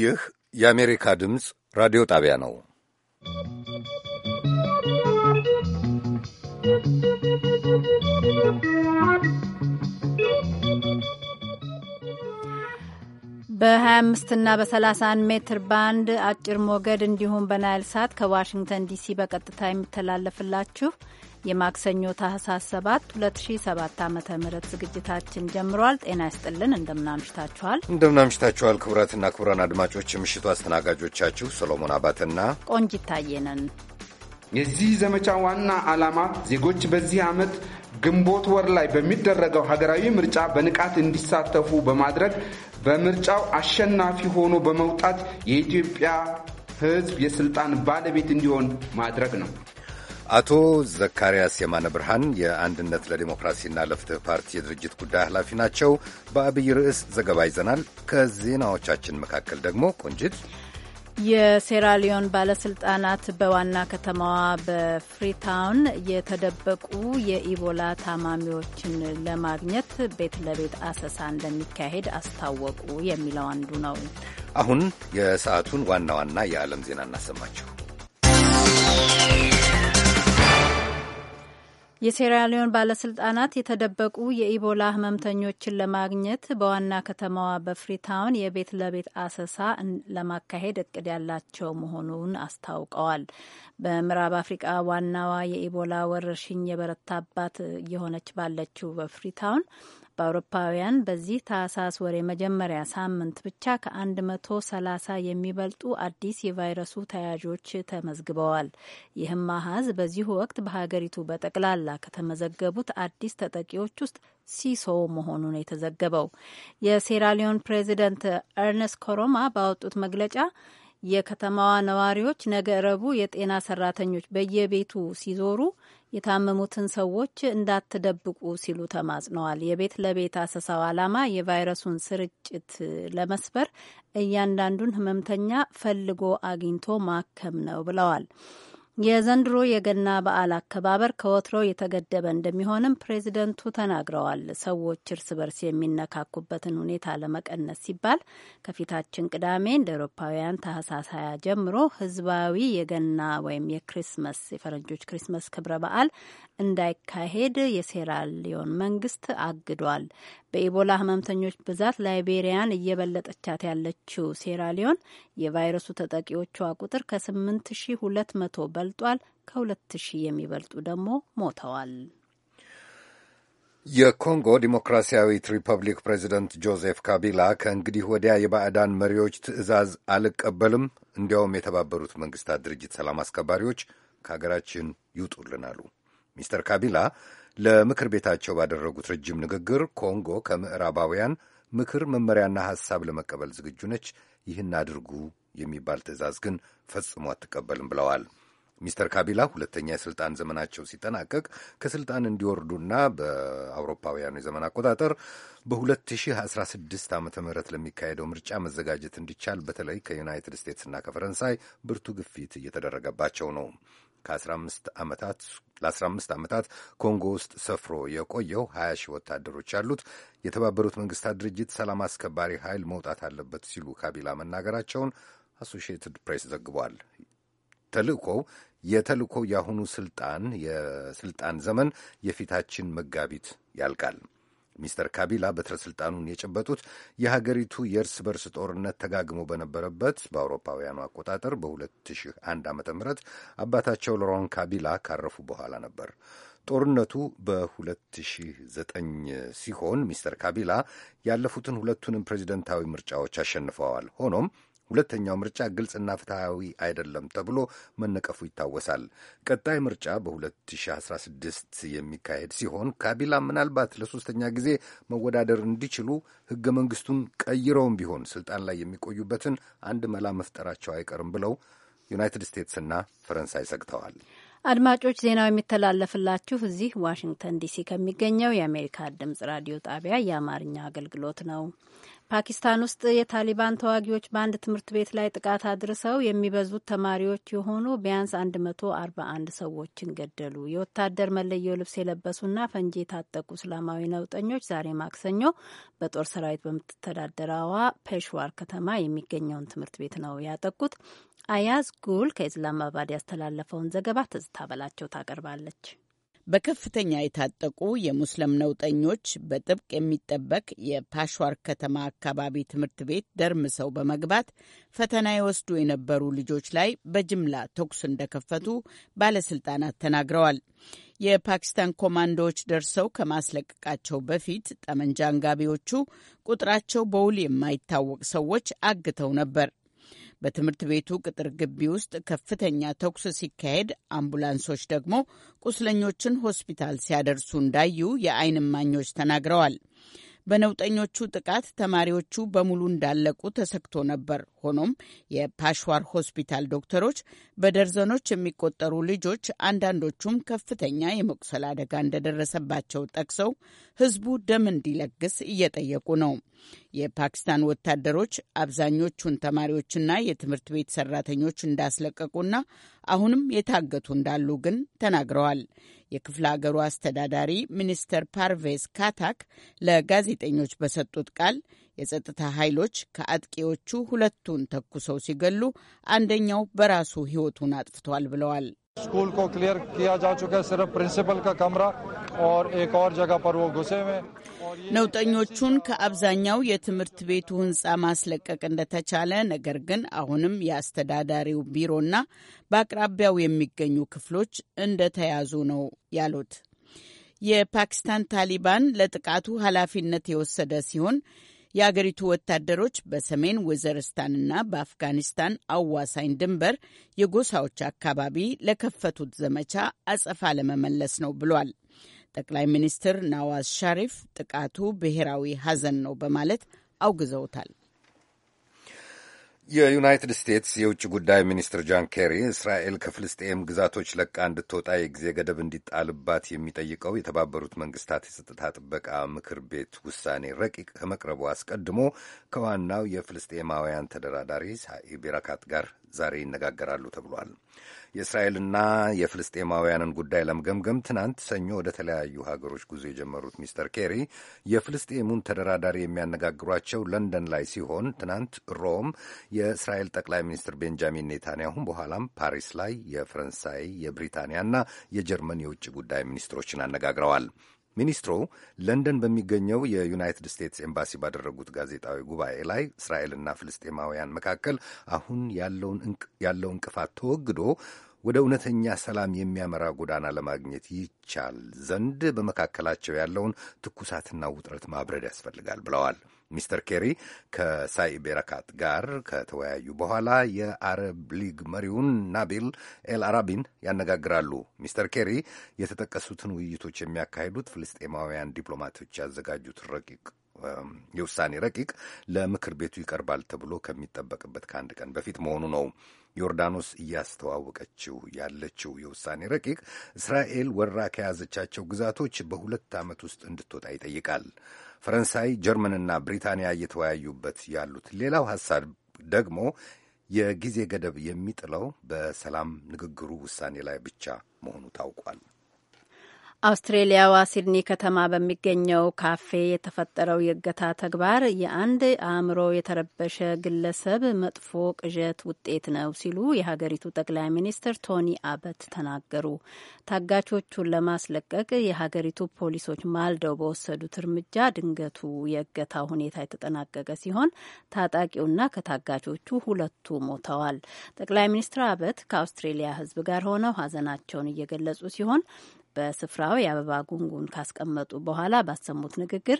ይህ የአሜሪካ ድምፅ ራዲዮ ጣቢያ ነው። በ25 እና በ31 ሜትር ባንድ አጭር ሞገድ እንዲሁም በናይል ሳት ከዋሽንግተን ዲሲ በቀጥታ የሚተላለፍላችሁ የማክሰኞ ታህሳስ 7 2007 ዓ ም ዝግጅታችን ጀምሯል። ጤና ይስጥልን። እንደምናምሽታችኋል እንደምናምሽታችኋል ክቡራትና ክቡራን አድማጮች የምሽቱ አስተናጋጆቻችሁ ሰሎሞን አባትና ቆንጅ ይታየነን። የዚህ ዘመቻ ዋና ዓላማ ዜጎች በዚህ ዓመት ግንቦት ወር ላይ በሚደረገው ሀገራዊ ምርጫ በንቃት እንዲሳተፉ በማድረግ በምርጫው አሸናፊ ሆኖ በመውጣት የኢትዮጵያ ሕዝብ የስልጣን ባለቤት እንዲሆን ማድረግ ነው። አቶ ዘካርያስ የማነ ብርሃን የአንድነት ለዲሞክራሲና ለፍትህ ፓርቲ የድርጅት ጉዳይ ኃላፊ ናቸው። በአብይ ርዕስ ዘገባ ይዘናል። ከዜናዎቻችን መካከል ደግሞ ቆንጅት የሴራሊዮን ባለስልጣናት በዋና ከተማዋ በፍሪታውን የተደበቁ የኢቦላ ታማሚዎችን ለማግኘት ቤት ለቤት አሰሳ እንደሚካሄድ አስታወቁ የሚለው አንዱ ነው። አሁን የሰዓቱን ዋና ዋና የዓለም ዜና እናሰማችሁ። የሴራሊዮን ባለስልጣናት የተደበቁ የኢቦላ ህመምተኞችን ለማግኘት በዋና ከተማዋ በፍሪታውን የቤት ለቤት አሰሳ ለማካሄድ እቅድ ያላቸው መሆኑን አስታውቀዋል። በምዕራብ አፍሪቃ ዋናዋ የኢቦላ ወረርሽኝ የበረታባት እየሆነች ባለችው በፍሪታውን በአውሮፓውያን በዚህ ታህሳስ ወር የመጀመሪያ ሳምንት ብቻ ከ130 የሚበልጡ አዲስ የቫይረሱ ተያዦች ተመዝግበዋል። ይህም አሀዝ በዚሁ ወቅት በሀገሪቱ በጠቅላላ ከተመዘገቡት አዲስ ተጠቂዎች ውስጥ ሲሶ መሆኑን የተዘገበው የሴራሊዮን ፕሬዚደንት ኤርነስት ኮሮማ ባወጡት መግለጫ የከተማዋ ነዋሪዎች ነገ ረቡ የጤና ሰራተኞች በየቤቱ ሲዞሩ የታመሙትን ሰዎች እንዳትደብቁ ሲሉ ተማጽነዋል። የቤት ለቤት አሰሳው ዓላማ የቫይረሱን ስርጭት ለመስበር እያንዳንዱን ህመምተኛ ፈልጎ አግኝቶ ማከም ነው ብለዋል። የዘንድሮ የገና በዓል አከባበር ከወትሮ የተገደበ እንደሚሆንም ፕሬዚደንቱ ተናግረዋል። ሰዎች እርስ በርስ የሚነካኩበትን ሁኔታ ለመቀነስ ሲባል ከፊታችን ቅዳሜ እንደ ኤሮፓውያን ታህሳስ ጀምሮ ህዝባዊ የገና ወይም የክሪስመስ የፈረንጆች ክሪስመስ ክብረ በዓል እንዳይካሄድ የሴራሊዮን መንግስት አግዷል። በኢቦላ ህመምተኞች ብዛት ላይቤሪያን እየበለጠቻት ያለችው ሴራሊዮን የቫይረሱ ተጠቂዎቿ ቁጥር ከ 8200 ሺ ተገልጧል። ከሁለት ሺህ የሚበልጡ ደግሞ ሞተዋል። የኮንጎ ዲሞክራሲያዊት ሪፐብሊክ ፕሬዚደንት ጆዜፍ ካቢላ ከእንግዲህ ወዲያ የባዕዳን መሪዎች ትዕዛዝ አልቀበልም፣ እንዲያውም የተባበሩት መንግስታት ድርጅት ሰላም አስከባሪዎች ከሀገራችን ይውጡልን አሉ። ሚስተር ካቢላ ለምክር ቤታቸው ባደረጉት ረጅም ንግግር ኮንጎ ከምዕራባውያን ምክር መመሪያና ሐሳብ ለመቀበል ዝግጁ ነች፣ ይህን አድርጉ የሚባል ትዕዛዝ ግን ፈጽሞ አትቀበልም ብለዋል። ሚስተር ካቢላ ሁለተኛ የስልጣን ዘመናቸው ሲጠናቀቅ ከስልጣን እንዲወርዱና በአውሮፓውያኑ የዘመን አቆጣጠር በ2016 ዓ ም ለሚካሄደው ምርጫ መዘጋጀት እንዲቻል በተለይ ከዩናይትድ ስቴትስና ከፈረንሳይ ብርቱ ግፊት እየተደረገባቸው ነው። ከ15 ዓመታት ለ15 ዓመታት ኮንጎ ውስጥ ሰፍሮ የቆየው 20 ሺህ ወታደሮች ያሉት የተባበሩት መንግስታት ድርጅት ሰላም አስከባሪ ኃይል መውጣት አለበት ሲሉ ካቢላ መናገራቸውን አሶሺየትድ ፕሬስ ዘግቧል። ተልእኮው የተልእኮ የአሁኑ ስልጣን የስልጣን ዘመን የፊታችን መጋቢት ያልቃል። ሚስተር ካቢላ በትረ ስልጣኑን የጨበጡት የሀገሪቱ የእርስ በርስ ጦርነት ተጋግሞ በነበረበት በአውሮፓውያኑ አቆጣጠር በ2001 ም አባታቸው ሎሮን ካቢላ ካረፉ በኋላ ነበር። ጦርነቱ በ2009 ሲሆን ሚስተር ካቢላ ያለፉትን ሁለቱንም ፕሬዚደንታዊ ምርጫዎች አሸንፈዋል። ሆኖም ሁለተኛው ምርጫ ግልጽና ፍትሐዊ አይደለም ተብሎ መነቀፉ ይታወሳል። ቀጣይ ምርጫ በ2016 የሚካሄድ ሲሆን ካቢላ ምናልባት ለሶስተኛ ጊዜ መወዳደር እንዲችሉ ሕገ መንግስቱን ቀይረውም ቢሆን ስልጣን ላይ የሚቆዩበትን አንድ መላ መፍጠራቸው አይቀርም ብለው ዩናይትድ ስቴትስና ፈረንሳይ ሰግተዋል። አድማጮች ዜናው የሚተላለፍላችሁ እዚህ ዋሽንግተን ዲሲ ከሚገኘው የአሜሪካ ድምጽ ራዲዮ ጣቢያ የአማርኛ አገልግሎት ነው። ፓኪስታን ውስጥ የታሊባን ተዋጊዎች በአንድ ትምህርት ቤት ላይ ጥቃት አድርሰው የሚበዙት ተማሪዎች የሆኑ ቢያንስ 141 ሰዎችን ገደሉ። የወታደር መለየው ልብስ የለበሱና ፈንጂ የታጠቁ እስላማዊ ነውጠኞች ዛሬ ማክሰኞ በጦር ሰራዊት በምትተዳደረዋ ፔሽዋር ከተማ የሚገኘውን ትምህርት ቤት ነው ያጠቁት። አያዝ ጉል ከኢስላማባድ ያስተላለፈውን ዘገባ ትዝታ በላቸው ታቀርባለች። በከፍተኛ የታጠቁ የሙስሊም ነውጠኞች በጥብቅ የሚጠበቅ የፓሽዋር ከተማ አካባቢ ትምህርት ቤት ደርምሰው በመግባት ፈተና የወስዱ የነበሩ ልጆች ላይ በጅምላ ተኩስ እንደከፈቱ ባለስልጣናት ተናግረዋል። የፓኪስታን ኮማንዶዎች ደርሰው ከማስለቀቃቸው በፊት ጠመንጃ አንጋቢዎቹ ቁጥራቸው በውል የማይታወቅ ሰዎች አግተው ነበር። በትምህርት ቤቱ ቅጥር ግቢ ውስጥ ከፍተኛ ተኩስ ሲካሄድ አምቡላንሶች ደግሞ ቁስለኞችን ሆስፒታል ሲያደርሱ እንዳዩ የዓይን እማኞች ተናግረዋል። በነውጠኞቹ ጥቃት ተማሪዎቹ በሙሉ እንዳለቁ ተሰግቶ ነበር። ሆኖም የፓሽዋር ሆስፒታል ዶክተሮች በደርዘኖች የሚቆጠሩ ልጆች፣ አንዳንዶቹም ከፍተኛ የመቁሰል አደጋ እንደደረሰባቸው ጠቅሰው ሕዝቡ ደም እንዲለግስ እየጠየቁ ነው። የፓኪስታን ወታደሮች አብዛኞቹን ተማሪዎችና የትምህርት ቤት ሰራተኞች እንዳስለቀቁና አሁንም የታገቱ እንዳሉ ግን ተናግረዋል። የክፍለ አገሩ አስተዳዳሪ ሚኒስተር ፓርቬዝ ካታክ ለጋዜጠኞች በሰጡት ቃል የጸጥታ ኃይሎች ከአጥቂዎቹ ሁለቱን ተኩሰው ሲገሉ አንደኛው በራሱ ሕይወቱን አጥፍቷል ብለዋል። school को clear किया जा चुका है सिर्फ प्रिंसिपल का कमरा और एक और जगह पर वो घुसे हुए ነውጠኞቹን ከአብዛኛው የትምህርት ቤቱ ህንፃ ማስለቀቅ እንደተቻለ ነገር ግን አሁንም የአስተዳዳሪው ቢሮና በአቅራቢያው የሚገኙ ክፍሎች እንደተያዙ ነው ያሉት። የፓኪስታን ታሊባን ለጥቃቱ ኃላፊነት የወሰደ ሲሆን የአገሪቱ ወታደሮች በሰሜን ወዘርስታንና በአፍጋኒስታን አዋሳኝ ድንበር የጎሳዎች አካባቢ ለከፈቱት ዘመቻ አጸፋ ለመመለስ ነው ብሏል። ጠቅላይ ሚኒስትር ናዋዝ ሻሪፍ ጥቃቱ ብሔራዊ ሐዘን ነው በማለት አውግዘውታል። የዩናይትድ ስቴትስ የውጭ ጉዳይ ሚኒስትር ጃን ኬሪ እስራኤል ከፍልስጤም ግዛቶች ለቃ እንድትወጣ የጊዜ ገደብ እንዲጣልባት የሚጠይቀው የተባበሩት መንግስታት የጸጥታ ጥበቃ ምክር ቤት ውሳኔ ረቂቅ ከመቅረቡ አስቀድሞ ከዋናው የፍልስጤማውያን ተደራዳሪ ሳኢ ቢራካት ጋር ዛሬ ይነጋገራሉ ተብሏል። የእስራኤልና የፍልስጤማውያንን ጉዳይ ለመገምገም ትናንት ሰኞ ወደ ተለያዩ ሀገሮች ጉዞ የጀመሩት ሚስተር ኬሪ የፍልስጤሙን ተደራዳሪ የሚያነጋግሯቸው ለንደን ላይ ሲሆን ትናንት ሮም የእስራኤል ጠቅላይ ሚኒስትር ቤንጃሚን ኔታንያሁን በኋላም ፓሪስ ላይ የፈረንሳይ የብሪታንያና የጀርመን የውጭ ጉዳይ ሚኒስትሮችን አነጋግረዋል። ሚኒስትሩ ለንደን በሚገኘው የዩናይትድ ስቴትስ ኤምባሲ ባደረጉት ጋዜጣዊ ጉባኤ ላይ እስራኤልና ፍልስጤማውያን መካከል አሁን ያለው እንቅፋት ተወግዶ ወደ እውነተኛ ሰላም የሚያመራ ጎዳና ለማግኘት ይቻል ዘንድ በመካከላቸው ያለውን ትኩሳትና ውጥረት ማብረድ ያስፈልጋል ብለዋል። ሚስተር ኬሪ ከሳኢብ ኤረካት ጋር ከተወያዩ በኋላ የአረብ ሊግ መሪውን ናቢል ኤል አራቢን ያነጋግራሉ። ሚስተር ኬሪ የተጠቀሱትን ውይይቶች የሚያካሂዱት ፍልስጤማውያን ዲፕሎማቶች ያዘጋጁት ረቂቅ የውሳኔ ረቂቅ ለምክር ቤቱ ይቀርባል ተብሎ ከሚጠበቅበት ከአንድ ቀን በፊት መሆኑ ነው። ዮርዳኖስ እያስተዋወቀችው ያለችው የውሳኔ ረቂቅ እስራኤል ወራ ከያዘቻቸው ግዛቶች በሁለት ዓመት ውስጥ እንድትወጣ ይጠይቃል። ፈረንሳይ፣ ጀርመንና ብሪታንያ እየተወያዩበት ያሉት ሌላው ሐሳብ ደግሞ የጊዜ ገደብ የሚጥለው በሰላም ንግግሩ ውሳኔ ላይ ብቻ መሆኑ ታውቋል። አውስትሬሊያዋ ሲድኒ ከተማ በሚገኘው ካፌ የተፈጠረው የእገታ ተግባር የአንድ አእምሮ የተረበሸ ግለሰብ መጥፎ ቅዠት ውጤት ነው ሲሉ የሀገሪቱ ጠቅላይ ሚኒስትር ቶኒ አበት ተናገሩ። ታጋቾቹን ለማስለቀቅ የሀገሪቱ ፖሊሶች ማልደው በወሰዱት እርምጃ ድንገቱ የእገታ ሁኔታ የተጠናቀቀ ሲሆን ታጣቂውና ከታጋቾቹ ሁለቱ ሞተዋል። ጠቅላይ ሚኒስትር አበት ከአውስትሬሊያ ሕዝብ ጋር ሆነው ሀዘናቸውን እየገለጹ ሲሆን በስፍራው የአበባ ጉንጉን ካስቀመጡ በኋላ ባሰሙት ንግግር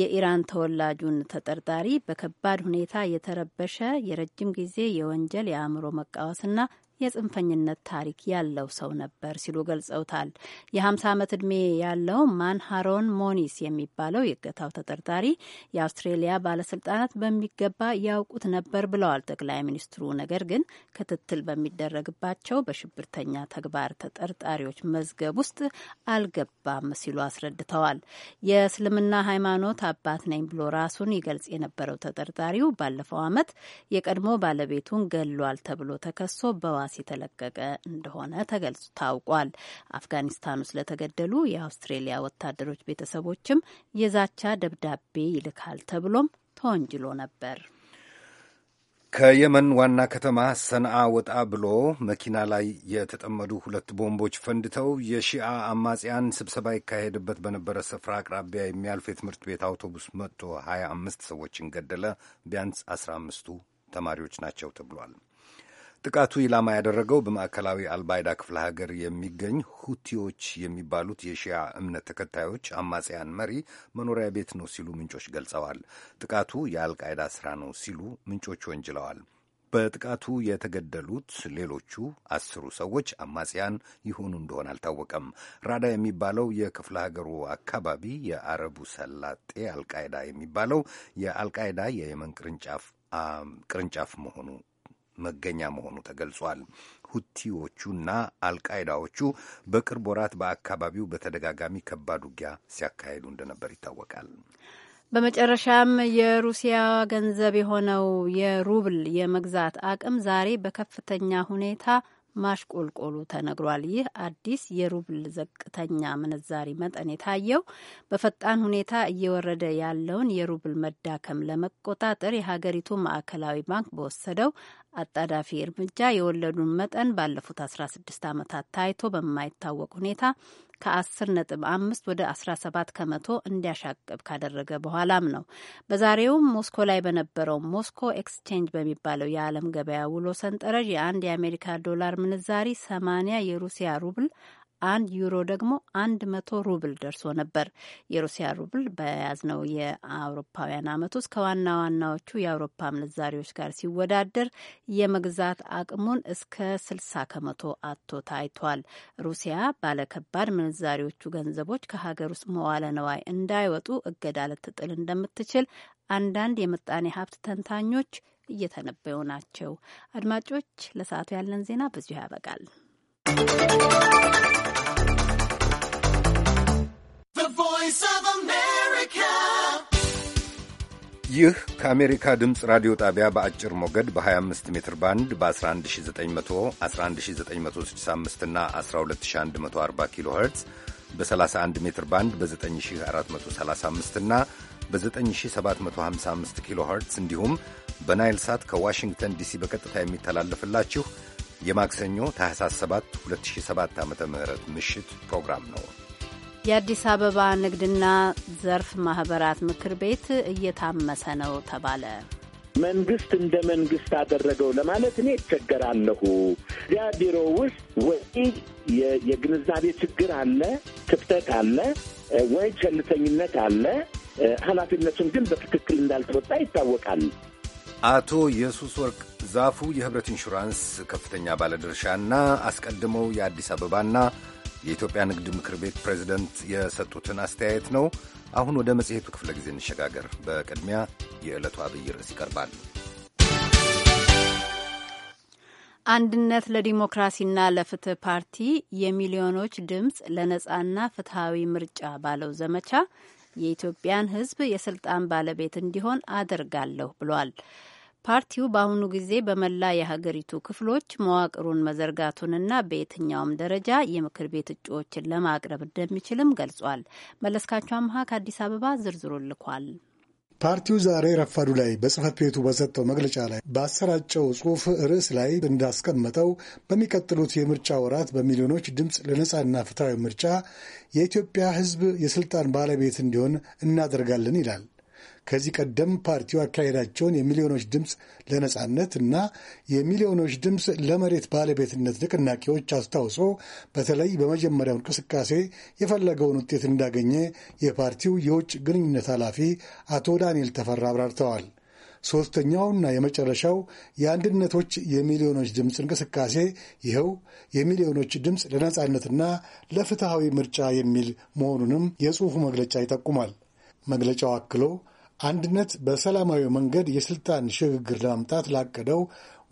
የኢራን ተወላጁን ተጠርጣሪ በከባድ ሁኔታ የተረበሸ የረጅም ጊዜ የወንጀል የአእምሮ መቃወስና የጽንፈኝነት ታሪክ ያለው ሰው ነበር ሲሉ ገልጸውታል። የ50 ዓመት ዕድሜ ያለው ማንሃሮን ሞኒስ የሚባለው የእገታው ተጠርጣሪ የአውስትሬሊያ ባለስልጣናት በሚገባ ያውቁት ነበር ብለዋል ጠቅላይ ሚኒስትሩ። ነገር ግን ክትትል በሚደረግባቸው በሽብርተኛ ተግባር ተጠርጣሪዎች መዝገብ ውስጥ አልገባም ሲሉ አስረድተዋል። የእስልምና ሃይማኖት አባት ነኝ ብሎ ራሱን ይገልጽ የነበረው ተጠርጣሪው ባለፈው ዓመት የቀድሞ ባለቤቱን ገሏል ተብሎ ተከሶ በዋ በዋስ የተለቀቀ እንደሆነ ተገልጾ ታውቋል። አፍጋኒስታን ውስጥ ለተገደሉ የአውስትሬሊያ ወታደሮች ቤተሰቦችም የዛቻ ደብዳቤ ይልካል ተብሎም ተወንጅሎ ነበር። ከየመን ዋና ከተማ ሰንአ ወጣ ብሎ መኪና ላይ የተጠመዱ ሁለት ቦምቦች ፈንድተው የሺአ አማጽያን ስብሰባ ይካሄድበት በነበረ ስፍራ አቅራቢያ የሚያልፍ የትምህርት ቤት አውቶቡስ መጥቶ 25 ሰዎችን ገደለ። ቢያንስ 15ቱ ተማሪዎች ናቸው ተብሏል። ጥቃቱ ኢላማ ያደረገው በማዕከላዊ አልባይዳ ክፍለ ሀገር የሚገኝ ሁቲዎች የሚባሉት የሺያ እምነት ተከታዮች አማጽያን መሪ መኖሪያ ቤት ነው ሲሉ ምንጮች ገልጸዋል። ጥቃቱ የአልቃይዳ ስራ ነው ሲሉ ምንጮች ወንጅለዋል። በጥቃቱ የተገደሉት ሌሎቹ አስሩ ሰዎች አማጽያን ይሆኑ እንደሆን አልታወቀም። ራዳ የሚባለው የክፍለ ሀገሩ አካባቢ የአረቡ ሰላጤ አልቃይዳ የሚባለው የአልቃይዳ የየመን ቅርንጫፍ ቅርንጫፍ መሆኑ መገኛ መሆኑ ተገልጿል። ሁቲዎቹና አልቃይዳዎቹ በቅርብ ወራት በአካባቢው በተደጋጋሚ ከባድ ውጊያ ሲያካሂዱ እንደነበር ይታወቃል። በመጨረሻም የሩሲያ ገንዘብ የሆነው የሩብል የመግዛት አቅም ዛሬ በከፍተኛ ሁኔታ ማሽቆልቆሉ ተነግሯል። ይህ አዲስ የሩብል ዘቅተኛ ምንዛሪ መጠን የታየው በፈጣን ሁኔታ እየወረደ ያለውን የሩብል መዳከም ለመቆጣጠር የሀገሪቱ ማዕከላዊ ባንክ በወሰደው አጣዳፊ እርምጃ የወለዱን መጠን ባለፉት 16 ዓመታት ታይቶ በማይታወቅ ሁኔታ ከ10.5 ወደ 17 ከመቶ እንዲያሻቅብ ካደረገ በኋላም ነው። በዛሬው ሞስኮ ላይ በነበረው ሞስኮ ኤክስቼንጅ በሚባለው የዓለም ገበያ ውሎ ሰንጠረዥ የአንድ የአሜሪካ ዶላር ምንዛሪ 80 የሩሲያ ሩብል አንድ ዩሮ ደግሞ አንድ መቶ ሩብል ደርሶ ነበር። የሩሲያ ሩብል በያዝነው የአውሮፓውያን አመት ውስጥ ከዋና ዋናዎቹ የአውሮፓ ምንዛሪዎች ጋር ሲወዳደር የመግዛት አቅሙን እስከ ስልሳ ከመቶ አቶ ታይቷል። ሩሲያ ባለከባድ ምንዛሪዎቹ ገንዘቦች ከሀገር ውስጥ መዋለ ነዋይ እንዳይወጡ እገዳ ልትጥል እንደምትችል አንዳንድ የምጣኔ ሀብት ተንታኞች እየተነበዩ ናቸው። አድማጮች፣ ለሰዓቱ ያለን ዜና በዚሁ ያበቃል። ይህ ከአሜሪካ ድምፅ ራዲዮ ጣቢያ በአጭር ሞገድ በ25 ሜትር ባንድ በ 11911965 እና 12140 ኪሎ ኸርትዝ በ31 ሜትር ባንድ በ9435 እና በ9755 ኪሎ ኸርትዝ እንዲሁም በናይል ሳት ከዋሽንግተን ዲሲ በቀጥታ የሚተላለፍላችሁ የማክሰኞ ታህሳስ 7 2007 ዓ ም ምሽት ፕሮግራም ነው። የአዲስ አበባ ንግድና ዘርፍ ማህበራት ምክር ቤት እየታመሰ ነው ተባለ። መንግስት እንደ መንግስት አደረገው ለማለት እኔ እቸገራለሁ። እዚያ ቢሮ ውስጥ ወይ የግንዛቤ ችግር አለ፣ ክፍተት አለ፣ ወይ ቸልተኝነት አለ። ኃላፊነቱን ግን በትክክል እንዳልተወጣ ይታወቃል። አቶ ኢየሱስ ወርቅ ዛፉ የህብረት ኢንሹራንስ ከፍተኛ ባለድርሻና አስቀድመው የአዲስ አበባና የኢትዮጵያ ንግድ ምክር ቤት ፕሬዚደንት የሰጡትን አስተያየት ነው። አሁን ወደ መጽሔቱ ክፍለ ጊዜ እንሸጋገር። በቅድሚያ የዕለቱ አብይ ርዕስ ይቀርባል። አንድነት ለዲሞክራሲና ለፍትህ ፓርቲ የሚሊዮኖች ድምፅ ለነጻና ፍትሐዊ ምርጫ ባለው ዘመቻ የኢትዮጵያን ሕዝብ የስልጣን ባለቤት እንዲሆን አደርጋለሁ ብሏል። ፓርቲው በአሁኑ ጊዜ በመላ የሀገሪቱ ክፍሎች መዋቅሩን መዘርጋቱንና በየትኛውም ደረጃ የምክር ቤት እጩዎችን ለማቅረብ እንደሚችልም ገልጿል። መለስካቸው አምሃ ከአዲስ አበባ ዝርዝሩ ልኳል። ፓርቲው ዛሬ ረፋዱ ላይ በጽህፈት ቤቱ በሰጠው መግለጫ ላይ ባሰራጨው ጽሑፍ ርዕስ ላይ እንዳስቀመጠው በሚቀጥሉት የምርጫ ወራት በሚሊዮኖች ድምፅ ለነጻና ፍትሐዊ ምርጫ የኢትዮጵያ ሕዝብ የስልጣን ባለቤት እንዲሆን እናደርጋለን ይላል። ከዚህ ቀደም ፓርቲው ያካሄዳቸውን የሚሊዮኖች ድምፅ ለነጻነት እና የሚሊዮኖች ድምፅ ለመሬት ባለቤትነት ንቅናቄዎች አስታውሶ በተለይ በመጀመሪያው እንቅስቃሴ የፈለገውን ውጤት እንዳገኘ የፓርቲው የውጭ ግንኙነት ኃላፊ አቶ ዳንኤል ተፈራ አብራርተዋል። ሦስተኛውና የመጨረሻው የአንድነቶች የሚሊዮኖች ድምፅ እንቅስቃሴ ይኸው የሚሊዮኖች ድምፅ ለነጻነትና ለፍትሐዊ ምርጫ የሚል መሆኑንም የጽሑፉ መግለጫ ይጠቁማል። መግለጫው አክሎ አንድነት በሰላማዊ መንገድ የስልጣን ሽግግር ለማምጣት ላቀደው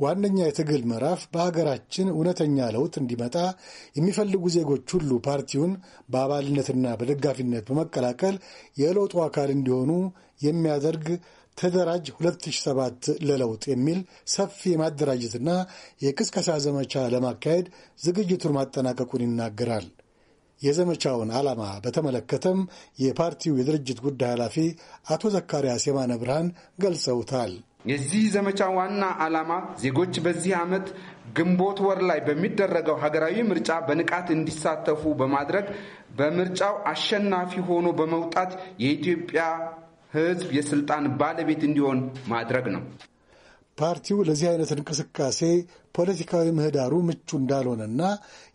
ዋነኛ የትግል ምዕራፍ በሀገራችን እውነተኛ ለውጥ እንዲመጣ የሚፈልጉ ዜጎች ሁሉ ፓርቲውን በአባልነትና በደጋፊነት በመቀላቀል የለውጡ አካል እንዲሆኑ የሚያደርግ ተደራጅ 2007 ለለውጥ የሚል ሰፊ የማደራጀትና የቅስቀሳ ዘመቻ ለማካሄድ ዝግጅቱን ማጠናቀቁን ይናገራል። የዘመቻውን ዓላማ በተመለከተም የፓርቲው የድርጅት ጉዳይ ኃላፊ አቶ ዘካርያስ የማነ ብርሃን ገልጸውታል። የዚህ ዘመቻ ዋና ዓላማ ዜጎች በዚህ ዓመት ግንቦት ወር ላይ በሚደረገው ሀገራዊ ምርጫ በንቃት እንዲሳተፉ በማድረግ በምርጫው አሸናፊ ሆኖ በመውጣት የኢትዮጵያ ሕዝብ የስልጣን ባለቤት እንዲሆን ማድረግ ነው። ፓርቲው ለዚህ አይነት እንቅስቃሴ ፖለቲካዊ ምህዳሩ ምቹ እንዳልሆነና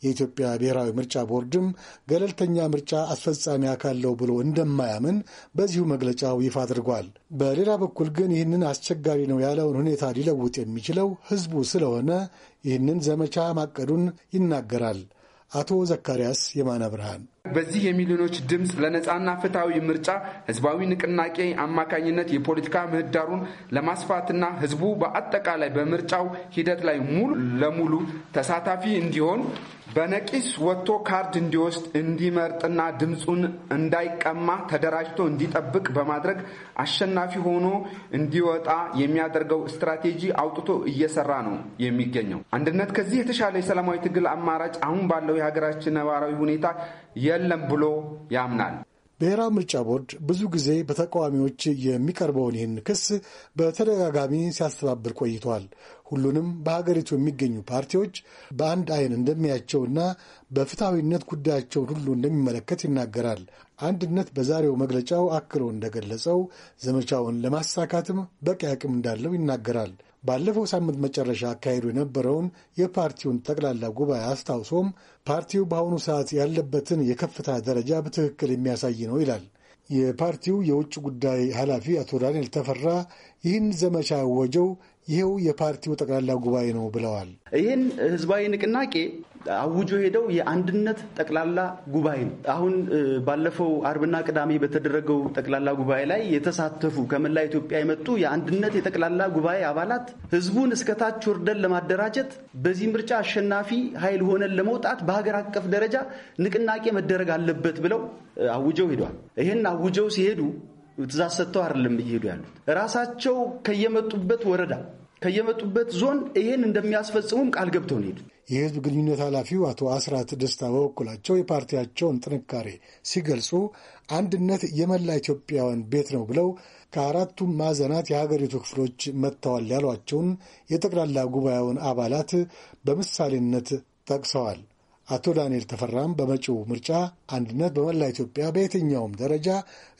የኢትዮጵያ ብሔራዊ ምርጫ ቦርድም ገለልተኛ ምርጫ አስፈጻሚ አካለው ብሎ እንደማያምን በዚሁ መግለጫው ይፋ አድርጓል። በሌላ በኩል ግን ይህንን አስቸጋሪ ነው ያለውን ሁኔታ ሊለውጥ የሚችለው ህዝቡ ስለሆነ ይህንን ዘመቻ ማቀዱን ይናገራል። አቶ ዘካርያስ የማነ ብርሃን በዚህ የሚሊዮኖች ድምፅ ለነፃና ፍትሐዊ ምርጫ ህዝባዊ ንቅናቄ አማካኝነት የፖለቲካ ምህዳሩን ለማስፋትና ህዝቡ በአጠቃላይ በምርጫው ሂደት ላይ ሙሉ ለሙሉ ተሳታፊ እንዲሆን በነቂስ ወጥቶ ካርድ እንዲወስድ እንዲመርጥና ድምፁን እንዳይቀማ ተደራጅቶ እንዲጠብቅ በማድረግ አሸናፊ ሆኖ እንዲወጣ የሚያደርገው ስትራቴጂ አውጥቶ እየሰራ ነው የሚገኘው። አንድነት ከዚህ የተሻለ የሰላማዊ ትግል አማራጭ አሁን ባለው የሀገራችን ነባራዊ ሁኔታ የለም ብሎ ያምናል። ብሔራዊ ምርጫ ቦርድ ብዙ ጊዜ በተቃዋሚዎች የሚቀርበውን ይህን ክስ በተደጋጋሚ ሲያስተባብል ቆይቷል። ሁሉንም በሀገሪቱ የሚገኙ ፓርቲዎች በአንድ ዓይን እንደሚያቸውና በፍትሐዊነት ጉዳያቸውን ሁሉ እንደሚመለከት ይናገራል። አንድነት በዛሬው መግለጫው አክሎ እንደገለጸው ዘመቻውን ለማሳካትም በቂ አቅም እንዳለው ይናገራል። ባለፈው ሳምንት መጨረሻ አካሄዱ የነበረውን የፓርቲውን ጠቅላላ ጉባኤ አስታውሶም ፓርቲው በአሁኑ ሰዓት ያለበትን የከፍታ ደረጃ በትክክል የሚያሳይ ነው ይላል። የፓርቲው የውጭ ጉዳይ ኃላፊ አቶ ዳንኤል ተፈራ ይህን ዘመቻ ያወጀው ይሄው የፓርቲው ጠቅላላ ጉባኤ ነው ብለዋል። ይህን ህዝባዊ ንቅናቄ አውጆ ሄደው የአንድነት ጠቅላላ ጉባኤ ነው። አሁን ባለፈው አርብና ቅዳሜ በተደረገው ጠቅላላ ጉባኤ ላይ የተሳተፉ ከመላ ኢትዮጵያ የመጡ የአንድነት የጠቅላላ ጉባኤ አባላት ህዝቡን እስከታች ወርደን ለማደራጀት በዚህ ምርጫ አሸናፊ ኃይል ሆነን ለመውጣት በሀገር አቀፍ ደረጃ ንቅናቄ መደረግ አለበት ብለው አውጀው ሄደዋል። ይህን አውጀው ሲሄዱ ትእዛዝ ሰጥተው አይደለም እየሄዱ ያሉት። ራሳቸው ከየመጡበት ወረዳ ከየመጡበት ዞን ይሄን እንደሚያስፈጽሙም ቃል ገብተው ነው ሄዱት። የህዝብ ግንኙነት ኃላፊው አቶ አስራት ደስታ በበኩላቸው የፓርቲያቸውን ጥንካሬ ሲገልጹ አንድነት የመላ ኢትዮጵያውያን ቤት ነው ብለው ከአራቱም ማዕዘናት የሀገሪቱ ክፍሎች መጥተዋል ያሏቸውን የጠቅላላ ጉባኤውን አባላት በምሳሌነት ጠቅሰዋል። አቶ ዳንኤል ተፈራም በመጪው ምርጫ አንድነት በመላ ኢትዮጵያ በየትኛውም ደረጃ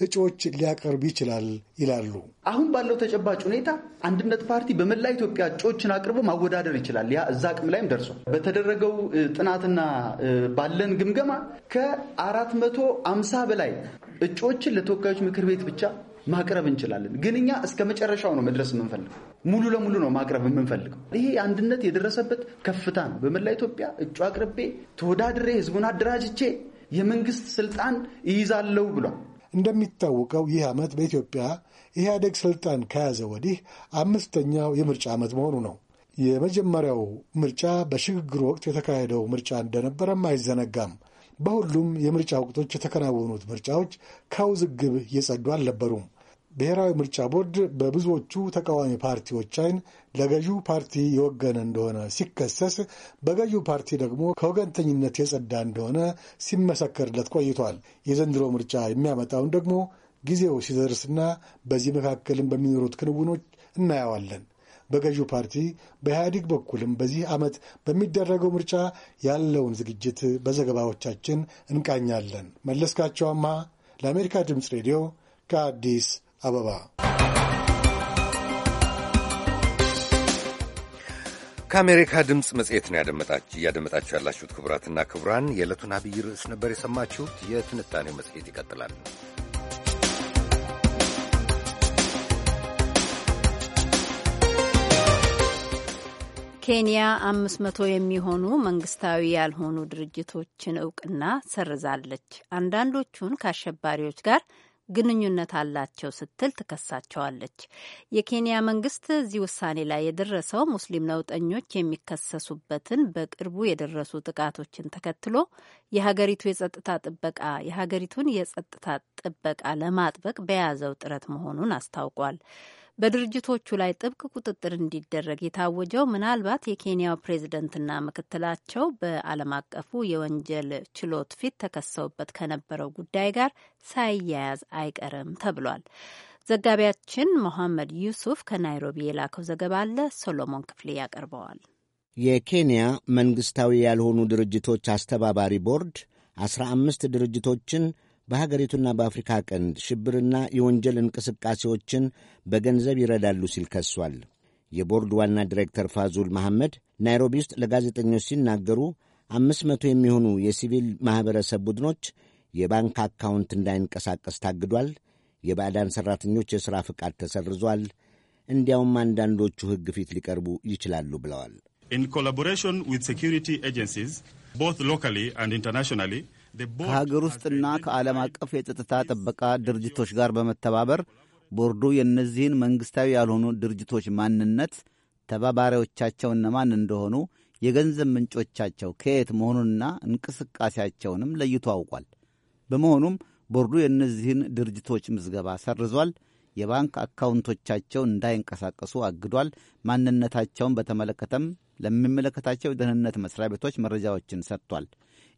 እጩዎች ሊያቀርብ ይችላል ይላሉ። አሁን ባለው ተጨባጭ ሁኔታ አንድነት ፓርቲ በመላ ኢትዮጵያ እጩዎችን አቅርቦ ማወዳደር ይችላል። ያ እዛ አቅም ላይም ደርሷል። በተደረገው ጥናትና ባለን ግምገማ ከአራት መቶ አምሳ በላይ እጩዎችን ለተወካዮች ምክር ቤት ብቻ ማቅረብ እንችላለን። ግን እኛ እስከ መጨረሻው ነው መድረስ የምንፈልገው፣ ሙሉ ለሙሉ ነው ማቅረብ የምንፈልገው። ይሄ አንድነት የደረሰበት ከፍታ ነው። በመላ ኢትዮጵያ እጩ አቅርቤ ተወዳድሬ ህዝቡን አደራጅቼ የመንግስት ስልጣን እይዛለሁ ብሏል። እንደሚታወቀው ይህ ዓመት በኢትዮጵያ ኢህአዴግ ስልጣን ከያዘ ወዲህ አምስተኛው የምርጫ ዓመት መሆኑ ነው። የመጀመሪያው ምርጫ በሽግግር ወቅት የተካሄደው ምርጫ እንደነበረም አይዘነጋም። በሁሉም የምርጫ ወቅቶች የተከናወኑት ምርጫዎች ከውዝግብ እየጸዱ አልነበሩም። ብሔራዊ ምርጫ ቦርድ በብዙዎቹ ተቃዋሚ ፓርቲዎች አይን ለገዢው ፓርቲ የወገነ እንደሆነ ሲከሰስ፣ በገዢው ፓርቲ ደግሞ ከወገንተኝነት የጸዳ እንደሆነ ሲመሰከርለት ቆይቷል። የዘንድሮ ምርጫ የሚያመጣውን ደግሞ ጊዜው ሲደርስና በዚህ መካከልም በሚኖሩት ክንውኖች እናየዋለን። በገዢው ፓርቲ በኢህአዲግ በኩልም በዚህ ዓመት በሚደረገው ምርጫ ያለውን ዝግጅት በዘገባዎቻችን እንቃኛለን። መለስካቸው አምሃ ለአሜሪካ ድምፅ ሬዲዮ ከአዲስ አበባ። ከአሜሪካ ድምፅ መጽሔት ነው እያደመጣችሁ ያላችሁት። ክቡራትና ክቡራን የዕለቱን አብይ ርዕስ ነበር የሰማችሁት። የትንታኔው መጽሔት ይቀጥላል። ኬንያ አምስት መቶ የሚሆኑ መንግስታዊ ያልሆኑ ድርጅቶችን እውቅና ሰርዛለች። አንዳንዶቹን ከአሸባሪዎች ጋር ግንኙነት አላቸው ስትል ትከሳቸዋለች። የኬንያ መንግስት እዚህ ውሳኔ ላይ የደረሰው ሙስሊም ነውጠኞች የሚከሰሱበትን በቅርቡ የደረሱ ጥቃቶችን ተከትሎ የሀገሪቱ የጸጥታ ጥበቃ የሀገሪቱን የጸጥታ ጥበቃ ለማጥበቅ በያዘው ጥረት መሆኑን አስታውቋል። በድርጅቶቹ ላይ ጥብቅ ቁጥጥር እንዲደረግ የታወጀው ምናልባት የኬንያው ፕሬዝደንትና ምክትላቸው በዓለም አቀፉ የወንጀል ችሎት ፊት ተከሰውበት ከነበረው ጉዳይ ጋር ሳይያያዝ አይቀርም ተብሏል። ዘጋቢያችን መሐመድ ዩሱፍ ከናይሮቢ የላከው ዘገባ አለ። ሶሎሞን ክፍሌ ያቀርበዋል። የኬንያ መንግሥታዊ ያልሆኑ ድርጅቶች አስተባባሪ ቦርድ አስራ አምስት ድርጅቶችን በሀገሪቱና በአፍሪካ ቀንድ ሽብርና የወንጀል እንቅስቃሴዎችን በገንዘብ ይረዳሉ ሲል ከሷል። የቦርድ ዋና ዲሬክተር ፋዙል መሐመድ ናይሮቢ ውስጥ ለጋዜጠኞች ሲናገሩ አምስት መቶ የሚሆኑ የሲቪል ማኅበረሰብ ቡድኖች የባንክ አካውንት እንዳይንቀሳቀስ ታግዷል። የባዕዳን ሠራተኞች የሥራ ፍቃድ ተሰርዟል። እንዲያውም አንዳንዶቹ ሕግ ፊት ሊቀርቡ ይችላሉ ብለዋል። ኢን ኮላቦሬሽን ዊዝ ሴኪዩሪቲ ኤጀንሲስ ቦዝ ሎካሊ አንድ ኢንተርናሽናሊ ከሀገር ውስጥና ከዓለም አቀፍ የጸጥታ ጥበቃ ድርጅቶች ጋር በመተባበር ቦርዱ የእነዚህን መንግሥታዊ ያልሆኑ ድርጅቶች ማንነት፣ ተባባሪዎቻቸው እነማን እንደሆኑ፣ የገንዘብ ምንጮቻቸው ከየት መሆኑንና እንቅስቃሴያቸውንም ለይቶ አውቋል። በመሆኑም ቦርዱ የእነዚህን ድርጅቶች ምዝገባ ሰርዟል። የባንክ አካውንቶቻቸው እንዳይንቀሳቀሱ አግዷል። ማንነታቸውን በተመለከተም ለሚመለከታቸው የደህንነት መስሪያ ቤቶች መረጃዎችን ሰጥቷል።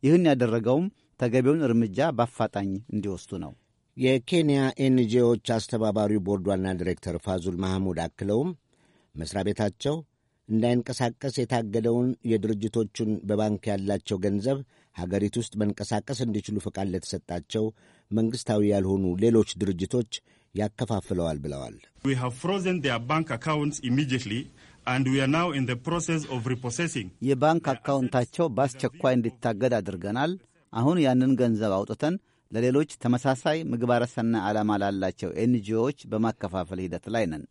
ይህን ያደረገውም ተገቢውን እርምጃ በአፋጣኝ እንዲወስዱ ነው። የኬንያ ኤንጂዎች አስተባባሪ ቦርድ ዋና ዲሬክተር ፋዙል ማህሙድ አክለውም መሥሪያ ቤታቸው እንዳይንቀሳቀስ የታገደውን የድርጅቶቹን በባንክ ያላቸው ገንዘብ ሀገሪቱ ውስጥ መንቀሳቀስ እንዲችሉ ፈቃድ ለተሰጣቸው መንግሥታዊ ያልሆኑ ሌሎች ድርጅቶች ያከፋፍለዋል ብለዋል። የባንክ አካውንታቸው በአስቸኳይ እንዲታገድ አድርገናል። አሁን ያንን ገንዘብ አውጥተን ለሌሎች ተመሳሳይ ምግባረ ሰና ዓላማ ላላቸው ኤንጂዎች በማከፋፈል ሂደት ላይ ነን።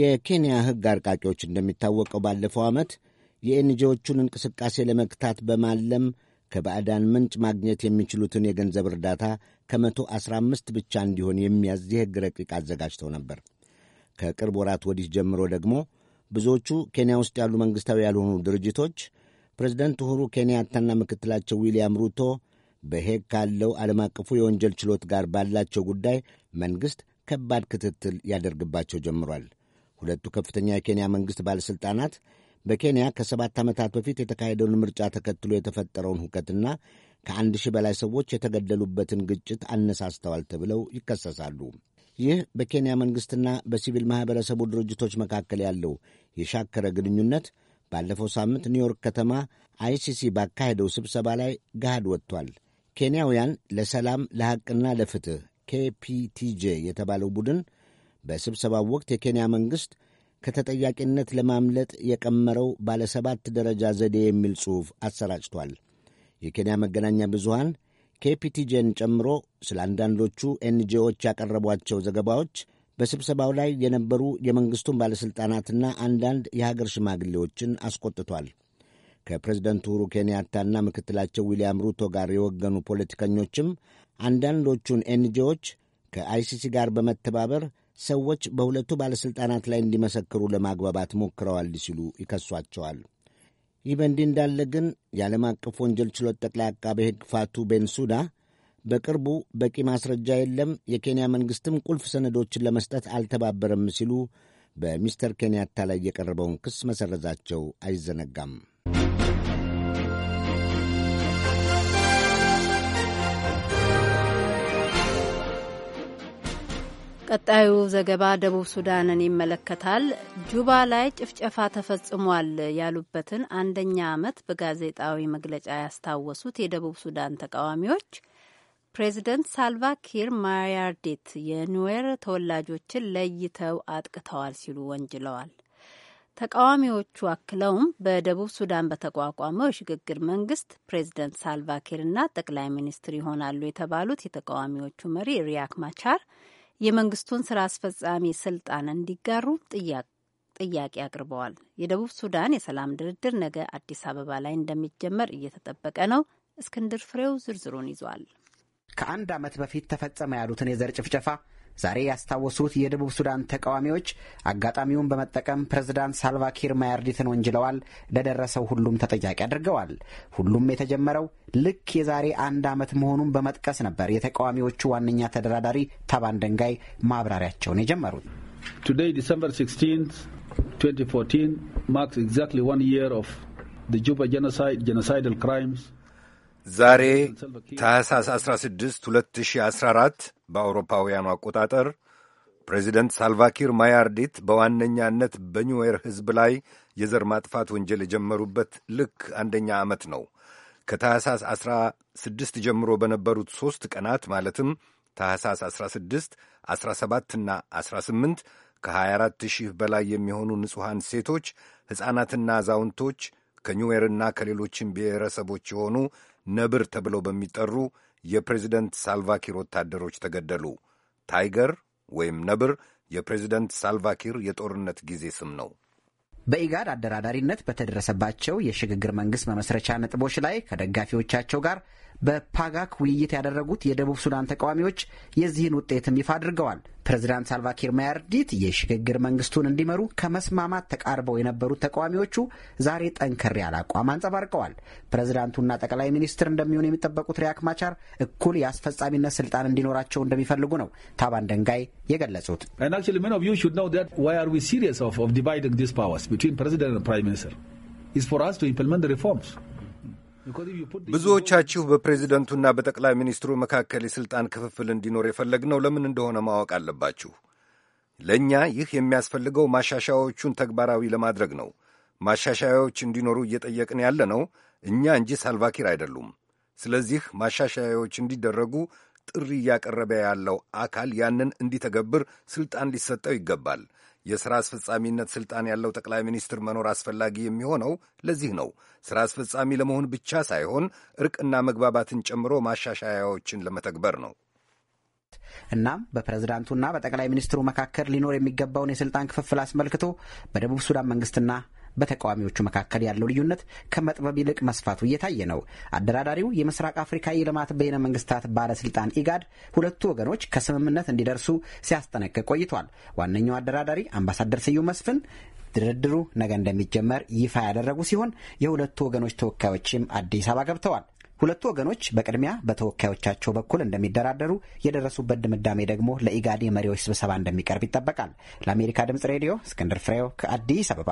የኬንያ ሕግ አርቃቂዎች እንደሚታወቀው ባለፈው ዓመት የኤንጂዎቹን እንቅስቃሴ ለመግታት በማለም ከባዕዳን ምንጭ ማግኘት የሚችሉትን የገንዘብ እርዳታ ከመቶ አስራ አምስት ብቻ እንዲሆን የሚያዝ የሕግ ረቂቅ አዘጋጅተው ነበር። ከቅርብ ወራት ወዲህ ጀምሮ ደግሞ ብዙዎቹ ኬንያ ውስጥ ያሉ መንግሥታዊ ያልሆኑ ድርጅቶች ፕሬዚደንት ኡሁሩ ኬንያታና ምክትላቸው ዊልያም ሩቶ በሄግ ካለው ዓለም አቀፉ የወንጀል ችሎት ጋር ባላቸው ጉዳይ መንግሥት ከባድ ክትትል ያደርግባቸው ጀምሯል። ሁለቱ ከፍተኛ የኬንያ መንግሥት ባለሥልጣናት በኬንያ ከሰባት ዓመታት በፊት የተካሄደውን ምርጫ ተከትሎ የተፈጠረውን ሁከትና ከአንድ ሺህ በላይ ሰዎች የተገደሉበትን ግጭት አነሳስተዋል ተብለው ይከሰሳሉ። ይህ በኬንያ መንግሥትና በሲቪል ማኅበረሰቡ ድርጅቶች መካከል ያለው የሻከረ ግንኙነት ባለፈው ሳምንት ኒውዮርክ ከተማ አይሲሲ ባካሄደው ስብሰባ ላይ ገሃድ ወጥቷል። ኬንያውያን ለሰላም ለሐቅና ለፍትህ ኬፒቲጄ የተባለው ቡድን በስብሰባው ወቅት የኬንያ መንግሥት ከተጠያቂነት ለማምለጥ የቀመረው ባለ ሰባት ደረጃ ዘዴ የሚል ጽሑፍ አሰራጭቷል። የኬንያ መገናኛ ብዙሃን ኬፒቲጄን ጨምሮ ስለ አንዳንዶቹ ኤንጂዎች ያቀረቧቸው ዘገባዎች በስብሰባው ላይ የነበሩ የመንግሥቱን ባለሥልጣናትና አንዳንድ የሀገር ሽማግሌዎችን አስቆጥቷል። ከፕሬዝደንት ኡሁሩ ኬንያታና ምክትላቸው ዊልያም ሩቶ ጋር የወገኑ ፖለቲከኞችም አንዳንዶቹን ኤንጂዎች ከአይሲሲ ጋር በመተባበር ሰዎች በሁለቱ ባለሥልጣናት ላይ እንዲመሰክሩ ለማግባባት ሞክረዋል ሲሉ ይከሷቸዋል። ይህ በእንዲህ እንዳለ ግን የዓለም አቀፍ ወንጀል ችሎት ጠቅላይ አቃቤ ሕግ ፋቱ ቤንሱዳ በቅርቡ በቂ ማስረጃ የለም፣ የኬንያ መንግሥትም ቁልፍ ሰነዶችን ለመስጠት አልተባበረም ሲሉ በሚስተር ኬንያታ ላይ የቀረበውን ክስ መሰረዛቸው አይዘነጋም። ቀጣዩ ዘገባ ደቡብ ሱዳንን ይመለከታል። ጁባ ላይ ጭፍጨፋ ተፈጽሟል ያሉበትን አንደኛ ዓመት በጋዜጣዊ መግለጫ ያስታወሱት የደቡብ ሱዳን ተቃዋሚዎች ፕሬዚደንት ሳልቫ ኪር ማያርዴት የኑዌር ተወላጆችን ለይተው አጥቅተዋል ሲሉ ወንጅለዋል። ተቃዋሚዎቹ አክለውም በደቡብ ሱዳን በተቋቋመው የሽግግር መንግስት ፕሬዚደንት ሳልቫኪር እና ጠቅላይ ሚኒስትር ይሆናሉ የተባሉት የተቃዋሚዎቹ መሪ ሪያክ ማቻር የመንግስቱን ስራ አስፈጻሚ ስልጣን እንዲጋሩ ጥያቄ አቅርበዋል። የደቡብ ሱዳን የሰላም ድርድር ነገ አዲስ አበባ ላይ እንደሚጀመር እየተጠበቀ ነው። እስክንድር ፍሬው ዝርዝሩን ይዟል። ከአንድ ዓመት በፊት ተፈጸመ ያሉትን የዘር ጭፍጨፋ ዛሬ ያስታወሱት የደቡብ ሱዳን ተቃዋሚዎች አጋጣሚውን በመጠቀም ፕሬዝዳንት ሳልቫኪር ማያርዲትን ወንጅለዋል። ለደረሰው ሁሉም ተጠያቂ አድርገዋል። ሁሉም የተጀመረው ልክ የዛሬ አንድ ዓመት መሆኑን በመጥቀስ ነበር የተቃዋሚዎቹ ዋነኛ ተደራዳሪ ታባን ደንጋይ ማብራሪያቸውን የጀመሩት። ቱዴይ ዲሰምበር 16 2014 ማርክስ ኤግዛክትሊ ዋን the Juba genocide, genocidal crimes ዛሬ ታህሳስ 16 2014 በአውሮፓውያኑ አቆጣጠር ፕሬዚደንት ሳልቫኪር ማያርዲት በዋነኛነት በኒዌር ሕዝብ ላይ የዘር ማጥፋት ወንጀል የጀመሩበት ልክ አንደኛ ዓመት ነው። ከታህሳስ 16 ጀምሮ በነበሩት ሦስት ቀናት ማለትም ታህሳስ 16፣ 17ና 18 ከ24 ሺህ በላይ የሚሆኑ ንጹሐን ሴቶች፣ ሕፃናትና አዛውንቶች ከኒዌርና ከሌሎችም ብሔረሰቦች የሆኑ ነብር ተብለው በሚጠሩ የፕሬዚደንት ሳልቫኪር ወታደሮች ተገደሉ። ታይገር ወይም ነብር የፕሬዚደንት ሳልቫኪር የጦርነት ጊዜ ስም ነው። በኢጋድ አደራዳሪነት በተደረሰባቸው የሽግግር መንግሥት መመስረቻ ነጥቦች ላይ ከደጋፊዎቻቸው ጋር በፓጋክ ውይይት ያደረጉት የደቡብ ሱዳን ተቃዋሚዎች የዚህን ውጤትም ይፋ አድርገዋል። ፕሬዚዳንት ሳልቫኪር ማያርዲት የሽግግር መንግስቱን እንዲመሩ ከመስማማት ተቃርበው የነበሩት ተቃዋሚዎቹ ዛሬ ጠንከር ያለ አቋም አንጸባርቀዋል። ፕሬዚዳንቱና ጠቅላይ ሚኒስትር እንደሚሆኑ የሚጠበቁት ሪያክ ማቻር እኩል የአስፈጻሚነት ስልጣን እንዲኖራቸው እንደሚፈልጉ ነው ታባን ደንጋይ የገለጹት። ፕሬዚዳንት ብዙዎቻችሁ በፕሬዚደንቱና በጠቅላይ ሚኒስትሩ መካከል የሥልጣን ክፍፍል እንዲኖር የፈለግነው ለምን እንደሆነ ማወቅ አለባችሁ። ለእኛ ይህ የሚያስፈልገው ማሻሻያዎቹን ተግባራዊ ለማድረግ ነው። ማሻሻያዎች እንዲኖሩ እየጠየቅን ያለ ነው። እኛ እንጂ ሳልቫኪር አይደሉም። ስለዚህ ማሻሻያዎች እንዲደረጉ ጥሪ እያቀረበ ያለው አካል ያንን እንዲተገብር ስልጣን ሊሰጠው ይገባል። የሥራ አስፈጻሚነት ሥልጣን ያለው ጠቅላይ ሚኒስትር መኖር አስፈላጊ የሚሆነው ለዚህ ነው። ሥራ አስፈጻሚ ለመሆን ብቻ ሳይሆን እርቅና መግባባትን ጨምሮ ማሻሻያዎችን ለመተግበር ነው። እናም በፕሬዝዳንቱና በጠቅላይ ሚኒስትሩ መካከል ሊኖር የሚገባውን የሥልጣን ክፍፍል አስመልክቶ በደቡብ ሱዳን መንግሥትና በተቃዋሚዎቹ መካከል ያለው ልዩነት ከመጥበብ ይልቅ መስፋቱ እየታየ ነው። አደራዳሪው የምስራቅ አፍሪካ የልማት በይነ መንግስታት ባለስልጣን ኢጋድ ሁለቱ ወገኖች ከስምምነት እንዲደርሱ ሲያስጠነቅቅ ቆይቷል። ዋነኛው አደራዳሪ አምባሳደር ስዩም መስፍን ድርድሩ ነገ እንደሚጀመር ይፋ ያደረጉ ሲሆን የሁለቱ ወገኖች ተወካዮችም አዲስ አበባ ገብተዋል። ሁለቱ ወገኖች በቅድሚያ በተወካዮቻቸው በኩል እንደሚደራደሩ፣ የደረሱበት ድምዳሜ ደግሞ ለኢጋድ የመሪዎች ስብሰባ እንደሚቀርብ ይጠበቃል። ለአሜሪካ ድምጽ ሬዲዮ እስክንድር ፍሬው ከአዲስ አበባ።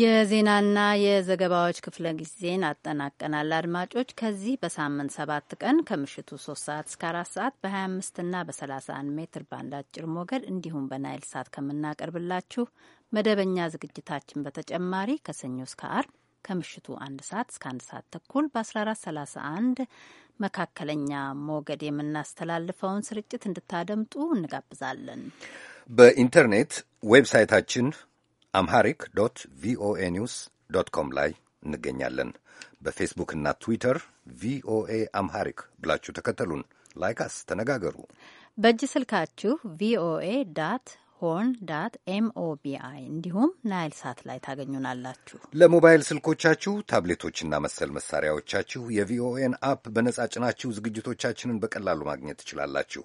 የዜናና የዘገባዎች ክፍለ ጊዜን አጠናቀናል። አድማጮች ከዚህ በሳምንት ሰባት ቀን ከምሽቱ ሶስት ሰዓት እስከ አራት ሰዓት በሀያ አምስትና በሰላሳ አንድ ሜትር ባንድ አጭር ሞገድ እንዲሁም በናይል ሳት ከምናቀርብላችሁ መደበኛ ዝግጅታችን በተጨማሪ ከሰኞ እስከ አርብ ከምሽቱ አንድ ሰዓት እስከ አንድ ሰዓት ተኩል በ1431 መካከለኛ ሞገድ የምናስተላልፈውን ስርጭት እንድታደምጡ እንጋብዛለን። በኢንተርኔት ዌብሳይታችን አምሃሪክ ዶት ቪኦኤ ኒውስ ዶት ኮም ላይ እንገኛለን። በፌስቡክና ትዊተር ቪኦኤ አምሃሪክ ብላችሁ ተከተሉን። ላይክ አስ፣ ተነጋገሩ። በእጅ ስልካችሁ ቪኦኤ ዳት ሆርን ዳት ኤምኦቢአይ እንዲሁም ናይል ሳት ላይ ታገኙናላችሁ። ለሞባይል ስልኮቻችሁ ታብሌቶችና መሰል መሳሪያዎቻችሁ የቪኦኤን አፕ በነጻ ጭናችሁ ዝግጅቶቻችንን በቀላሉ ማግኘት ትችላላችሁ።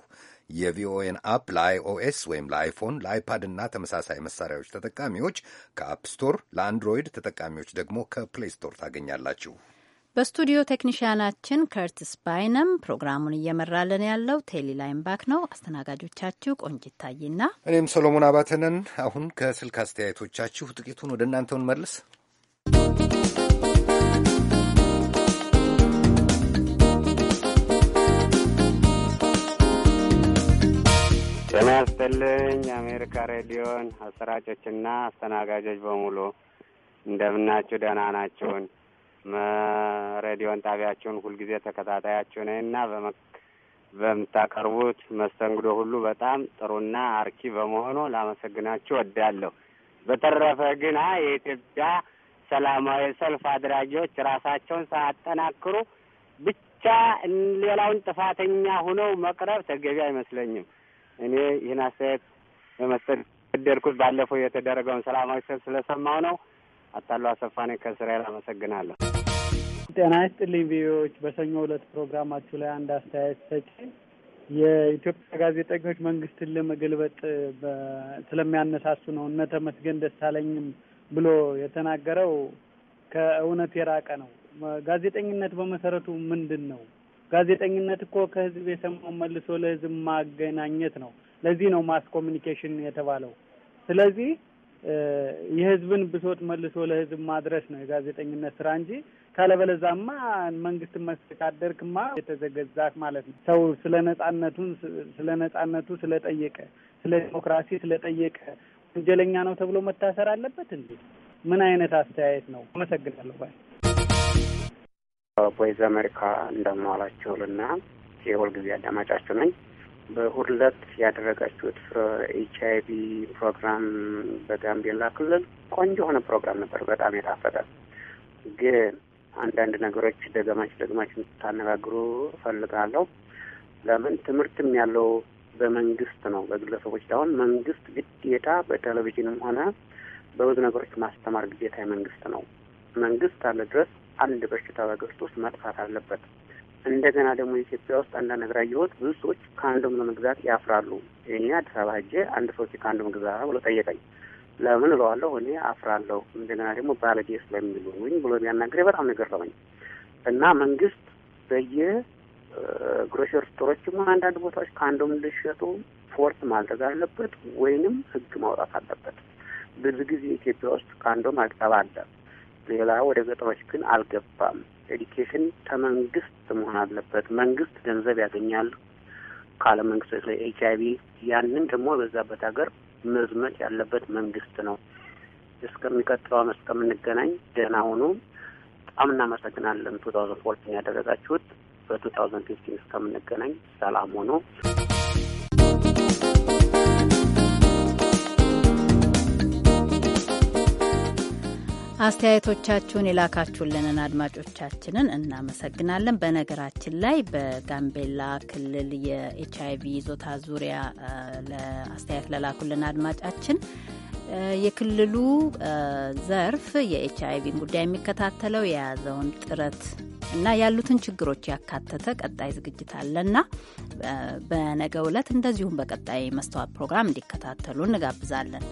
የቪኦኤን አፕ ለአይኦኤስ ወይም ለአይፎን፣ ለአይፓድ እና ተመሳሳይ መሳሪያዎች ተጠቃሚዎች ከአፕ ስቶር፣ ለአንድሮይድ ተጠቃሚዎች ደግሞ ከፕሌይ ስቶር ታገኛላችሁ። በስቱዲዮ ቴክኒሽያናችን ከርትስ ባይነም፣ ፕሮግራሙን እየመራልን ያለው ቴሌላይም ባክ ነው። አስተናጋጆቻችሁ ቆንጅ ይታይና እኔም ሰሎሞን አባተነን። አሁን ከስልክ አስተያየቶቻችሁ ጥቂቱን ወደ እናንተውን መልስ ጤና ያስጥልኝ። የአሜሪካ ሬዲዮን አሰራጮችና አስተናጋጆች በሙሉ እንደምናችሁ ደህና ናችሁን? ሬዲዮን ጣቢያቸውን ሁልጊዜ ተከታታያቸው ነኝ እና በምታቀርቡት መስተንግዶ ሁሉ በጣም ጥሩና አርኪ በመሆኑ ላመሰግናችሁ ወዳለሁ። በተረፈ ግን የኢትዮጵያ ሰላማዊ ሰልፍ አድራጊዎች ራሳቸውን ሳያጠናክሩ ብቻ ሌላውን ጥፋተኛ ሆነው መቅረብ ተገቢ አይመስለኝም። እኔ ይህን አስተያየት በመስጠት ደርኩት ባለፈው የተደረገውን ሰላማዊ ሰልፍ ስለሰማው ነው። አታሉ አሰፋኔ ከእስራኤል አመሰግናለሁ። ጤና ይስጥልኝ ቪኦኤዎች። በሰኞ ዕለት ፕሮግራማችሁ ላይ አንድ አስተያየት ሰጪ የኢትዮጵያ ጋዜጠኞች መንግስትን ለመገልበጥ ስለሚያነሳሱ ነው እነ ተመስገን ደሳለኝም ብሎ የተናገረው ከእውነት የራቀ ነው። ጋዜጠኝነት በመሰረቱ ምንድን ነው? ጋዜጠኝነት እኮ ከህዝብ የሰማውን መልሶ ለህዝብ ማገናኘት ነው። ለዚህ ነው ማስ ኮሚኒኬሽን የተባለው። ስለዚህ የህዝብን ብሶት መልሶ ለህዝብ ማድረስ ነው የጋዜጠኝነት ስራ እንጂ ካለበለዛማ መንግስት መስተካደርክማ የተዘገዛክ ማለት ነው። ሰው ስለ ነጻነቱን ስለ ነጻነቱ ስለጠየቀ ስለ ዲሞክራሲ ስለጠየቀ ወንጀለኛ ነው ተብሎ መታሰር አለበት እንዴ? ምን አይነት አስተያየት ነው? አመሰግናለሁ። ባይ ቮይስ አሜሪካ እንደማዋላችሁልና የሁልጊዜ አዳማጫችሁ ነኝ። በሁለት ያደረጋችሁት ኤች አይ ቪ ፕሮግራም በጋምቤላ ክልል ቆንጆ የሆነ ፕሮግራም ነበር። በጣም የታፈጠ ግን አንዳንድ ነገሮች ደገማች ደግማች እንድታነጋግሩ እፈልጋለሁ። ለምን ትምህርትም ያለው በመንግስት ነው፣ በግለሰቦች አሁን መንግስት ግዴታ በቴሌቪዥንም ሆነ በብዙ ነገሮች ማስተማር ግዴታ የመንግስት ነው። መንግስት አለ ድረስ አንድ በሽታ በግስት ውስጥ መጥፋት አለበት። እንደገና ደግሞ ኢትዮጵያ ውስጥ አንዳንድ ነገር አየሁት። ብዙ ሰዎች ካንዶም ለመግዛት ያፍራሉ። እኔ አዲስ አበባ ሄጄ አንድ ሰው ካንዶም ግዛ ብሎ ጠየቀኝ። ለምን እለዋለሁ። እኔ አፍራለሁ፣ እንደገና ደግሞ ባለጌ ስለሚሉኝ ብሎ የሚያናግረኝ በጣም ነገር ለመኝ እና መንግስት በየ ግሮሸር ስቶሮችም ሆነ አንዳንድ ቦታዎች ካንዶም እንዲሸጡ ፎርስ ማድረግ አለበት፣ ወይንም ህግ ማውጣት አለበት። ብዙ ጊዜ ኢትዮጵያ ውስጥ ካንዶም አቅጠባ አለ፣ ሌላ ወደ ገጠሮች ግን አልገባም። ኤዲኬሽን ከመንግስት መሆን አለበት። መንግስት ገንዘብ ያገኛል ካለ መንግስት ኤች አይ ቪ ያንን ደግሞ የበዛበት ሀገር መዝመት ያለበት መንግስት ነው። እስከሚቀጥለው ዓመት እስከምንገናኝ ደህና ሆኑ። በጣም እናመሰግናለን። ቱ ታውዘንድ ፎርቲን ያደረጋችሁት በቱ ታውዘንድ ፊፍቲን እስከምንገናኝ ሰላም ሆኖ አስተያየቶቻችሁን የላካችሁልንን አድማጮቻችንን እናመሰግናለን። በነገራችን ላይ በጋምቤላ ክልል የኤች አይቪ ይዞታ ዙሪያ አስተያየት ለላኩልን አድማጫችን የክልሉ ዘርፍ የኤች ጉዳይ የሚከታተለው የያዘውን ጥረት እና ያሉትን ችግሮች ያካተተ ቀጣይ ዝግጅት አለና በነገ ዕለት እንደዚሁም በቀጣይ መስተዋት ፕሮግራም እንዲከታተሉ እንጋብዛለን።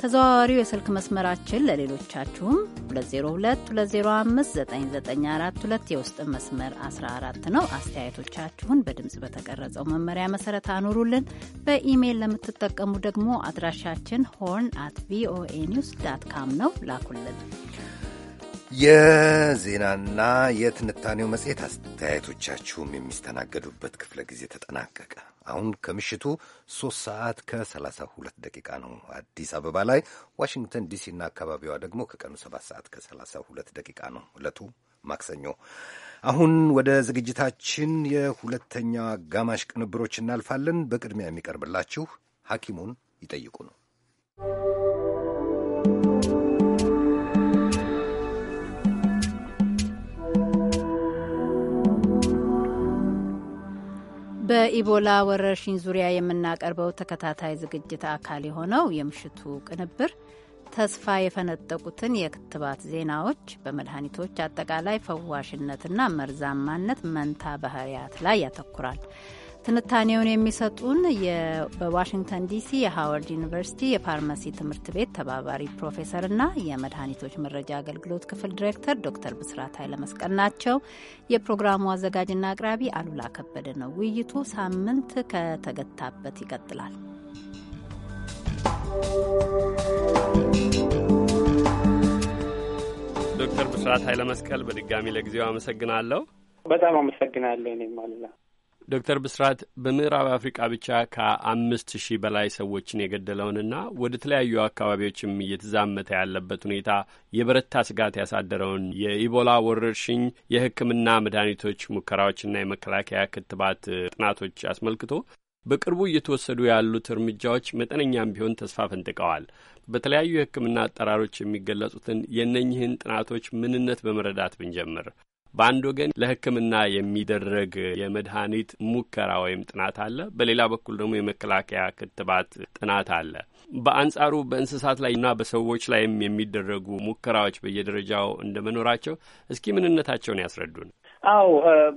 ተዘዋዋሪው የስልክ መስመራችን ለሌሎቻችሁም 2022059942 የውስጥ መስመር 14 ነው። አስተያየቶቻችሁን በድምፅ በተቀረጸው መመሪያ መሰረት አኑሩልን። በኢሜይል ለምትጠቀሙ ደግሞ አድራሻችን ሆርን አት ቪኦኤ ኒውስ ዳት ካም ነው። ላኩልን። የዜናና የትንታኔው መጽሔት አስተያየቶቻችሁም የሚስተናገዱበት ክፍለ ጊዜ ተጠናቀቀ። አሁን ከምሽቱ ሶስት ሰዓት ከሰላሳ ሁለት ደቂቃ ነው አዲስ አበባ ላይ። ዋሽንግተን እና አካባቢዋ ደግሞ ከቀኑ ሰባት ሰዓት ከሰላሳ ሁለት ደቂቃ ነው ለቱ ማክሰኞ። አሁን ወደ ዝግጅታችን የሁለተኛው አጋማሽ ቅንብሮች እናልፋለን። በቅድሚያ የሚቀርብላችሁ ሐኪሙን ይጠይቁ ነው። በኢቦላ ወረርሽኝ ዙሪያ የምናቀርበው ተከታታይ ዝግጅት አካል የሆነው የምሽቱ ቅንብር ተስፋ የፈነጠቁትን የክትባት ዜናዎች በመድኃኒቶች አጠቃላይ ፈዋሽነትና መርዛማነት መንታ ባህርያት ላይ ያተኩራል። ትንታኔውን የሚሰጡን በዋሽንግተን ዲሲ የሃዋርድ ዩኒቨርሲቲ የፋርማሲ ትምህርት ቤት ተባባሪ ፕሮፌሰርና የመድኃኒቶች መረጃ አገልግሎት ክፍል ዲሬክተር ዶክተር ብስራት ኃይለመስቀል ናቸው። የፕሮግራሙ አዘጋጅና አቅራቢ አሉላ ከበደ ነው። ውይይቱ ሳምንት ከተገታበት ይቀጥላል። ዶክተር ብስራት ኃይለመስቀል በድጋሚ ለጊዜው አመሰግናለሁ። በጣም አመሰግናለሁ። እኔም አሉላ ዶክተር ብስራት በምዕራብ አፍሪቃ ብቻ ከአምስት ሺህ በላይ ሰዎችን የገደለውንና ወደ ተለያዩ አካባቢዎችም እየተዛመተ ያለበት ሁኔታ የበረታ ስጋት ያሳደረውን የኢቦላ ወረርሽኝ የሕክምና መድኃኒቶች ሙከራዎችና የመከላከያ ክትባት ጥናቶች አስመልክቶ በቅርቡ እየተወሰዱ ያሉት እርምጃዎች መጠነኛም ቢሆን ተስፋ ፈንጥቀዋል። በተለያዩ የሕክምና አጠራሮች የሚገለጹትን የእነኝህን ጥናቶች ምንነት በመረዳት ብንጀምር በአንድ ወገን ለሕክምና የሚደረግ የመድኃኒት ሙከራ ወይም ጥናት አለ፣ በሌላ በኩል ደግሞ የመከላከያ ክትባት ጥናት አለ። በአንጻሩ በእንስሳት ላይ እና በሰዎች ላይም የሚደረጉ ሙከራዎች በየደረጃው እንደመኖራቸው እስኪ ምንነታቸውን ያስረዱን። አው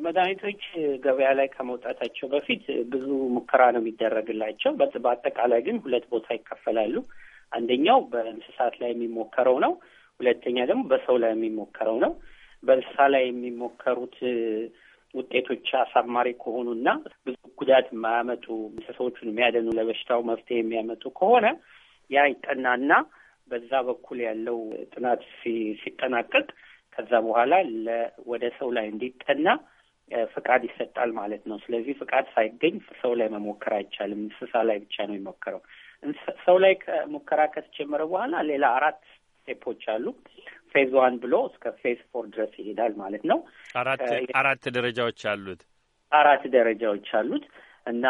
መድኃኒቶች ገበያ ላይ ከመውጣታቸው በፊት ብዙ ሙከራ ነው የሚደረግላቸው። በአጠቃላይ ግን ሁለት ቦታ ይከፈላሉ። አንደኛው በእንስሳት ላይ የሚሞከረው ነው። ሁለተኛ ደግሞ በሰው ላይ የሚሞከረው ነው። በእንስሳ ላይ የሚሞከሩት ውጤቶች አሳማሪ ከሆኑና ብዙ ጉዳት የማያመጡ እንስሳዎቹን የሚያደኑ ለበሽታው መፍትሄ የሚያመጡ ከሆነ ያ ይጠናና በዛ በኩል ያለው ጥናት ሲጠናቀቅ ከዛ በኋላ ወደ ሰው ላይ እንዲጠና ፍቃድ ይሰጣል ማለት ነው። ስለዚህ ፍቃድ ሳይገኝ ሰው ላይ መሞከር አይቻልም። እንስሳ ላይ ብቻ ነው የሚሞከረው። ሰው ላይ ከሞከራ ከተጀመረ በኋላ ሌላ አራት ስቴፖች አሉ። ፌዝ ዋን ብሎ እስከ ፌዝ ፎር ድረስ ይሄዳል ማለት ነው። አራት አራት ደረጃዎች አሉት። አራት ደረጃዎች አሉት እና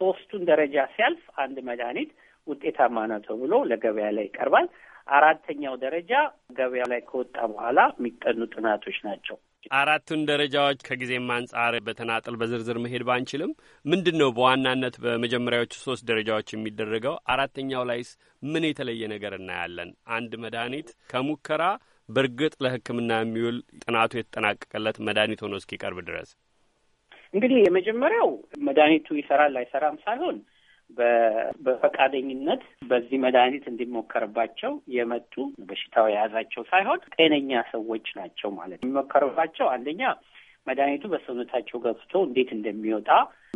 ሶስቱን ደረጃ ሲያልፍ አንድ መድኃኒት ውጤታማ ነው ተብሎ ለገበያ ላይ ይቀርባል። አራተኛው ደረጃ ገበያ ላይ ከወጣ በኋላ የሚጠኑ ጥናቶች ናቸው። አራቱን ደረጃዎች ከጊዜም አንጻር በተናጠል በዝርዝር መሄድ ባንችልም ምንድን ነው በዋናነት በመጀመሪያዎቹ ሶስት ደረጃዎች የሚደረገው? አራተኛው ላይስ ምን የተለየ ነገር እናያለን? አንድ መድኃኒት ከሙከራ በእርግጥ ለሕክምና የሚውል ጥናቱ የተጠናቀቀለት መድኃኒት ሆኖ እስኪቀርብ ድረስ እንግዲህ የመጀመሪያው መድኃኒቱ ይሰራል አይሰራም ሳይሆን በፈቃደኝነት በዚህ መድኃኒት እንዲሞከርባቸው የመጡ በሽታው የያዛቸው ሳይሆን ጤነኛ ሰዎች ናቸው ማለት የሚሞከርባቸው አንደኛ መድኃኒቱ በሰውነታቸው ገብቶ እንዴት እንደሚወጣ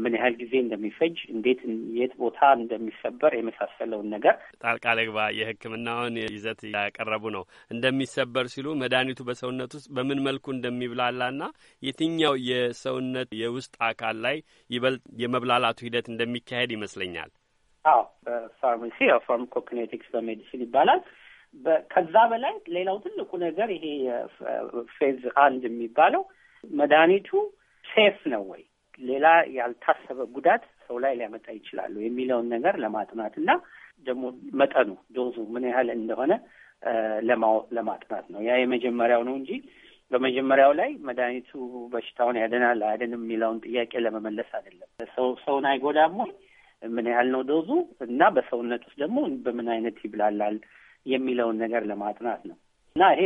ምን ያህል ጊዜ እንደሚፈጅ እንዴት የት ቦታ እንደሚሰበር የመሳሰለውን ነገር ጣልቃ ልግባ የሕክምናውን ይዘት ያቀረቡ ነው። እንደሚሰበር ሲሉ መድኃኒቱ በሰውነት ውስጥ በምን መልኩ እንደሚብላላና የትኛው የሰውነት የውስጥ አካል ላይ ይበልጥ የመብላላቱ ሂደት እንደሚካሄድ ይመስለኛል። አዎ፣ በፋርማሲ ፋርማኮኪኔቲክስ በሜዲሲን ይባላል። ከዛ በላይ ሌላው ትልቁ ነገር ይሄ ፌዝ አንድ የሚባለው መድኃኒቱ ሴፍ ነው ወይ ሌላ ያልታሰበ ጉዳት ሰው ላይ ሊያመጣ ይችላሉ የሚለውን ነገር ለማጥናት እና ደግሞ መጠኑ ዶዙ ምን ያህል እንደሆነ ለማጥናት ነው። ያ የመጀመሪያው ነው እንጂ በመጀመሪያው ላይ መድኃኒቱ በሽታውን ያድናል አያድንም የሚለውን ጥያቄ ለመመለስ አይደለም። ሰው ሰውን አይጎዳም ወይ ምን ያህል ነው ዶዙ እና በሰውነት ውስጥ ደግሞ በምን አይነት ይብላላል የሚለውን ነገር ለማጥናት ነው እና ይሄ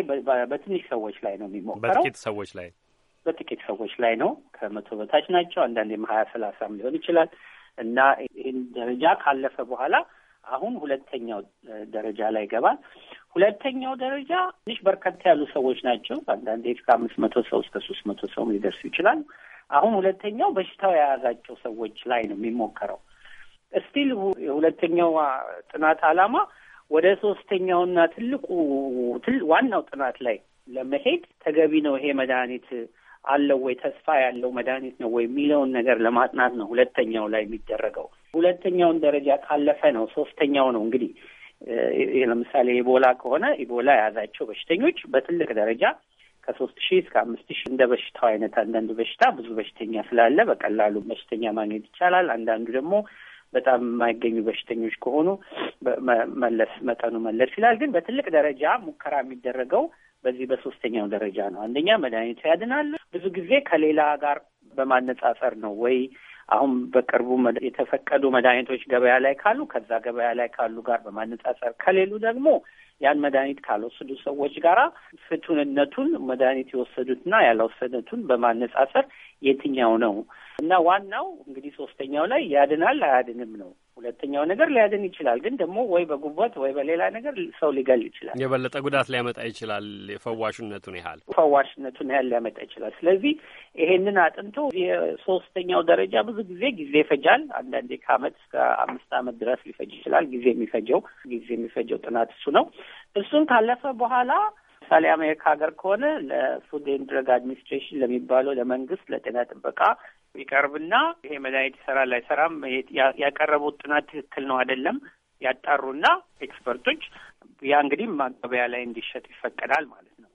በትንሽ ሰዎች ላይ ነው የሚሞክረው፣ በጥቂት ሰዎች ላይ በጥቂት ሰዎች ላይ ነው። ከመቶ በታች ናቸው። አንዳንዴም ሀያ ሰላሳም ሊሆን ይችላል እና ይህን ደረጃ ካለፈ በኋላ አሁን ሁለተኛው ደረጃ ላይ ይገባል። ሁለተኛው ደረጃ ትንሽ በርከታ ያሉ ሰዎች ናቸው። አንዳንዴ እስከ አምስት መቶ ሰው እስከ ሶስት መቶ ሰው ሊደርሱ ይችላል። አሁን ሁለተኛው በሽታው የያዛቸው ሰዎች ላይ ነው የሚሞከረው። እስቲል የሁለተኛው ጥናት ዓላማ ወደ ሶስተኛውና ትልቁ ዋናው ጥናት ላይ ለመሄድ ተገቢ ነው ይሄ መድኃኒት አለው ወይ ተስፋ ያለው መድኃኒት ነው ወይ የሚለውን ነገር ለማጥናት ነው ሁለተኛው ላይ የሚደረገው። ሁለተኛውን ደረጃ ካለፈ ነው ሶስተኛው ነው እንግዲህ ለምሳሌ ኢቦላ ከሆነ ኢቦላ የያዛቸው በሽተኞች በትልቅ ደረጃ ከሶስት ሺህ እስከ አምስት ሺህ እንደ በሽታው አይነት አንዳንዱ በሽታ ብዙ በሽተኛ ስላለ በቀላሉ በሽተኛ ማግኘት ይቻላል። አንዳንዱ ደግሞ በጣም የማይገኙ በሽተኞች ከሆኑ መለስ መጠኑ መለስ ይላል። ግን በትልቅ ደረጃ ሙከራ የሚደረገው በዚህ በሶስተኛው ደረጃ ነው። አንደኛ መድኃኒቱ ያድናል። ብዙ ጊዜ ከሌላ ጋር በማነጻጸር ነው ወይ አሁን በቅርቡ የተፈቀዱ መድኃኒቶች ገበያ ላይ ካሉ ከዛ ገበያ ላይ ካሉ ጋር በማነጻጸር ከሌሉ ደግሞ ያን መድኃኒት ካልወሰዱ ሰዎች ጋራ ፍቱንነቱን መድኃኒት የወሰዱትና ያልወሰዱትን በማነጻጸር የትኛው ነው እና ዋናው እንግዲህ ሶስተኛው ላይ ያድናል አያድንም ነው። ሁለተኛው ነገር ሊያድን ይችላል፣ ግን ደግሞ ወይ በጉበት ወይ በሌላ ነገር ሰው ሊገል ይችላል። የበለጠ ጉዳት ሊያመጣ ይችላል። የፈዋሽነቱን ያህል ፈዋሽነቱን ያህል ሊያመጣ ይችላል። ስለዚህ ይሄንን አጥንቶ የሶስተኛው ደረጃ ብዙ ጊዜ ጊዜ ይፈጃል። አንዳንዴ ከአመት እስከ አምስት አመት ድረስ ሊፈጅ ይችላል። ጊዜ የሚፈጀው ጊዜ የሚፈጀው ጥናት እሱ ነው። እሱን ካለፈ በኋላ ምሳሌ አሜሪካ ሀገር ከሆነ ለፉድ ኤንድ ድረግ አድሚኒስትሬሽን ለሚባለው ለመንግስት ለጤና ጥበቃ ይቀርብና ይሄ መድኃኒት ይሰራል አይሰራም፣ ያቀረቡት ጥናት ትክክል ነው አይደለም ያጣሩና ኤክስፐርቶች ያ እንግዲህ ገበያ ላይ እንዲሸጥ ይፈቀዳል ማለት ነው።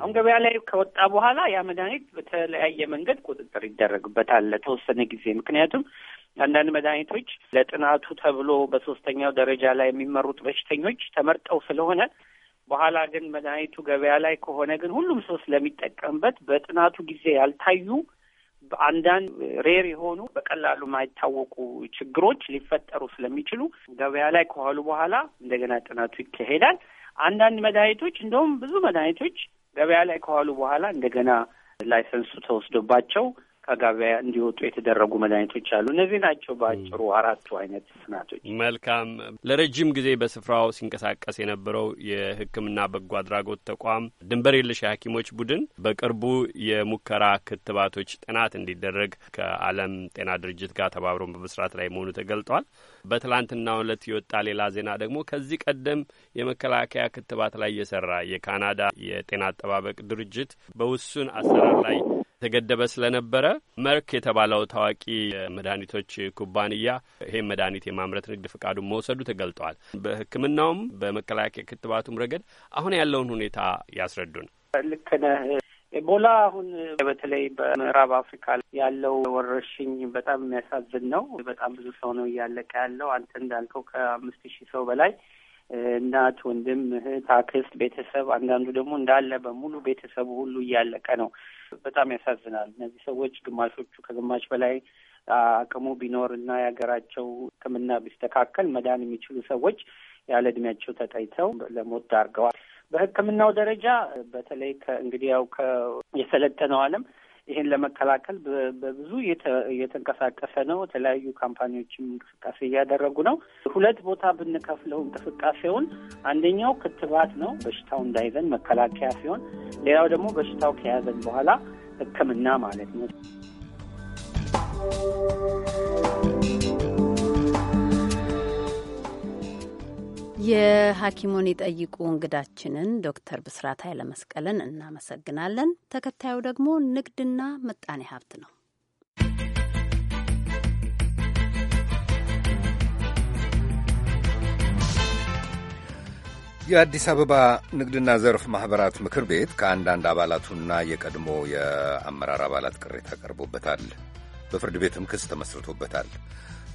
አሁን ገበያ ላይ ከወጣ በኋላ ያ መድኃኒት በተለያየ መንገድ ቁጥጥር ይደረግበታል ለተወሰነ ጊዜ። ምክንያቱም አንዳንድ መድኃኒቶች ለጥናቱ ተብሎ በሶስተኛው ደረጃ ላይ የሚመሩት በሽተኞች ተመርጠው ስለሆነ በኋላ ግን መድኃኒቱ ገበያ ላይ ከሆነ ግን ሁሉም ሰው ስለሚጠቀምበት በጥናቱ ጊዜ ያልታዩ አንዳንድ ሬር የሆኑ በቀላሉ የማይታወቁ ችግሮች ሊፈጠሩ ስለሚችሉ ገበያ ላይ ከዋሉ በኋላ እንደገና ጥናቱ ይካሄዳል። አንዳንድ መድኃኒቶች እንደውም ብዙ መድኃኒቶች ገበያ ላይ ከዋሉ በኋላ እንደገና ላይሰንሱ ተወስዶባቸው ከገበያ እንዲወጡ የተደረጉ መድኃኒቶች አሉ። እነዚህ ናቸው በአጭሩ አራቱ አይነት ጥናቶች። መልካም። ለረጅም ጊዜ በስፍራው ሲንቀሳቀስ የነበረው የሕክምና በጎ አድራጎት ተቋም ድንበር የለሽ የሐኪሞች ቡድን በቅርቡ የሙከራ ክትባቶች ጥናት እንዲደረግ ከዓለም ጤና ድርጅት ጋር ተባብሮ በመስራት ላይ መሆኑ ተገልጧል። በትላንትናው ዕለት የወጣ ሌላ ዜና ደግሞ ከዚህ ቀደም የመከላከያ ክትባት ላይ የሰራ የካናዳ የጤና አጠባበቅ ድርጅት በውሱን አሰራር ላይ ተገደበ ስለነበረ መርክ የተባለው ታዋቂ መድኃኒቶች ኩባንያ ይህም መድኃኒት የማምረት ንግድ ፍቃዱን መውሰዱ ተገልጧል። በሕክምናውም በመከላከያ ክትባቱም ረገድ አሁን ያለውን ሁኔታ ያስረዱን። ልክ ነህ። ኤቦላ አሁን በተለይ በምዕራብ አፍሪካ ያለው ወረርሽኝ በጣም የሚያሳዝን ነው። በጣም ብዙ ሰው ነው እያለቀ ያለው። አንተ እንዳልከው ከአምስት ሺህ ሰው በላይ እናት፣ ወንድም፣ እህት፣ አክስት፣ ቤተሰብ አንዳንዱ ደግሞ እንዳለ በሙሉ ቤተሰቡ ሁሉ እያለቀ ነው። በጣም ያሳዝናል። እነዚህ ሰዎች ግማሾቹ ከግማሽ በላይ አቅሙ ቢኖር እና የሀገራቸው ሕክምና ቢስተካከል መዳን የሚችሉ ሰዎች ያለ እድሜያቸው ተጠይተው ለሞት ዳርገዋል። በሕክምናው ደረጃ በተለይ ከእንግዲህ ያው የሰለጠነው ዓለም ይህን ለመከላከል በብዙ እየተንቀሳቀሰ ነው። የተለያዩ ካምፓኒዎችም እንቅስቃሴ እያደረጉ ነው። ሁለት ቦታ ብንከፍለው እንቅስቃሴውን፣ አንደኛው ክትባት ነው፣ በሽታው እንዳይዘን መከላከያ ሲሆን፣ ሌላው ደግሞ በሽታው ከያዘን በኋላ ሕክምና ማለት ነው። የሐኪሙን ይጠይቁ እንግዳችንን ዶክተር ብስራት ኃይለመስቀልን እናመሰግናለን። ተከታዩ ደግሞ ንግድና ምጣኔ ሀብት ነው። የአዲስ አበባ ንግድና ዘርፍ ማኅበራት ምክር ቤት ከአንዳንድ አባላቱና የቀድሞ የአመራር አባላት ቅሬታ ቀርቦበታል። በፍርድ ቤትም ክስ ተመስርቶበታል።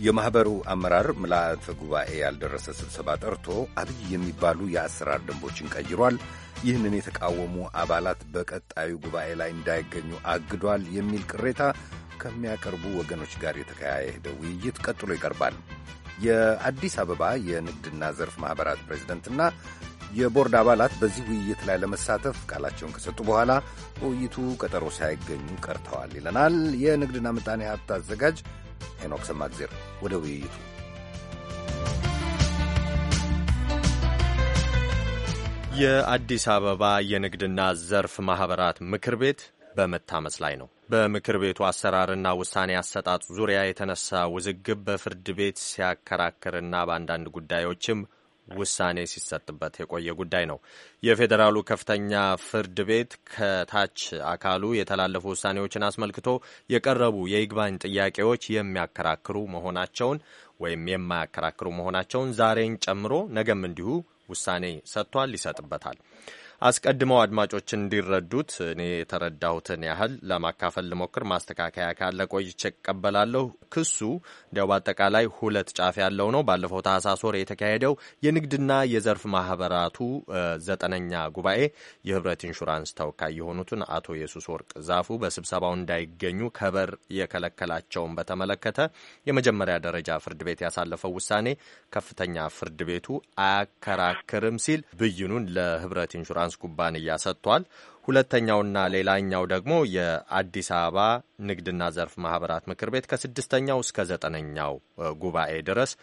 የማኅበሩ አመራር ምልአተ ጉባኤ ያልደረሰ ስብሰባ ጠርቶ አብይ የሚባሉ የአሰራር ደንቦችን ቀይሯል፣ ይህንን የተቃወሙ አባላት በቀጣዩ ጉባኤ ላይ እንዳይገኙ አግዷል የሚል ቅሬታ ከሚያቀርቡ ወገኖች ጋር የተካሄደ ውይይት ቀጥሎ ይቀርባል። የአዲስ አበባ የንግድና ዘርፍ ማኅበራት ፕሬዚደንትና የቦርድ አባላት በዚህ ውይይት ላይ ለመሳተፍ ቃላቸውን ከሰጡ በኋላ በውይይቱ ቀጠሮ ሳይገኙ ቀርተዋል ይለናል የንግድና ምጣኔ ሀብት አዘጋጅ ሄኖክ ሰማግዜር ወደ ውይይቱ የአዲስ አበባ የንግድና ዘርፍ ማኅበራት ምክር ቤት በመታመስ ላይ ነው። በምክር ቤቱ አሰራርና ውሳኔ አሰጣጥ ዙሪያ የተነሳ ውዝግብ በፍርድ ቤት ሲያከራክርና በአንዳንድ ጉዳዮችም ውሳኔ ሲሰጥበት የቆየ ጉዳይ ነው። የፌዴራሉ ከፍተኛ ፍርድ ቤት ከታች አካሉ የተላለፉ ውሳኔዎችን አስመልክቶ የቀረቡ የይግባኝ ጥያቄዎች የሚያከራክሩ መሆናቸውን ወይም የማያከራክሩ መሆናቸውን ዛሬን ጨምሮ ነገም እንዲሁ ውሳኔ ሰጥቷል፣ ይሰጥበታል። አስቀድመው አድማጮች እንዲረዱት እኔ የተረዳሁትን ያህል ለማካፈል ልሞክር። ማስተካከያ ካለ ቆይቼ እቀበላለሁ። ክሱ እንዲያው በአጠቃላይ ሁለት ጫፍ ያለው ነው። ባለፈው ታህሳስ ወር የተካሄደው የንግድና የዘርፍ ማህበራቱ ዘጠነኛ ጉባኤ የህብረት ኢንሹራንስ ተወካይ የሆኑትን አቶ የሱስ ወርቅ ዛፉ በስብሰባው እንዳይገኙ ከበር የከለከላቸውን በተመለከተ የመጀመሪያ ደረጃ ፍርድ ቤት ያሳለፈው ውሳኔ ከፍተኛ ፍርድ ቤቱ አያከራክርም ሲል ብይኑን ለህብረት ኢንሹራንስ ኢንሹራንስ ኩባንያ ሰጥቷል። ሁለተኛውና ሌላኛው ደግሞ የአዲስ አበባ ንግድና ዘርፍ ማህበራት ምክር ቤት ከስድስተኛው እስከ ዘጠነኛው ጉባኤ ድረስ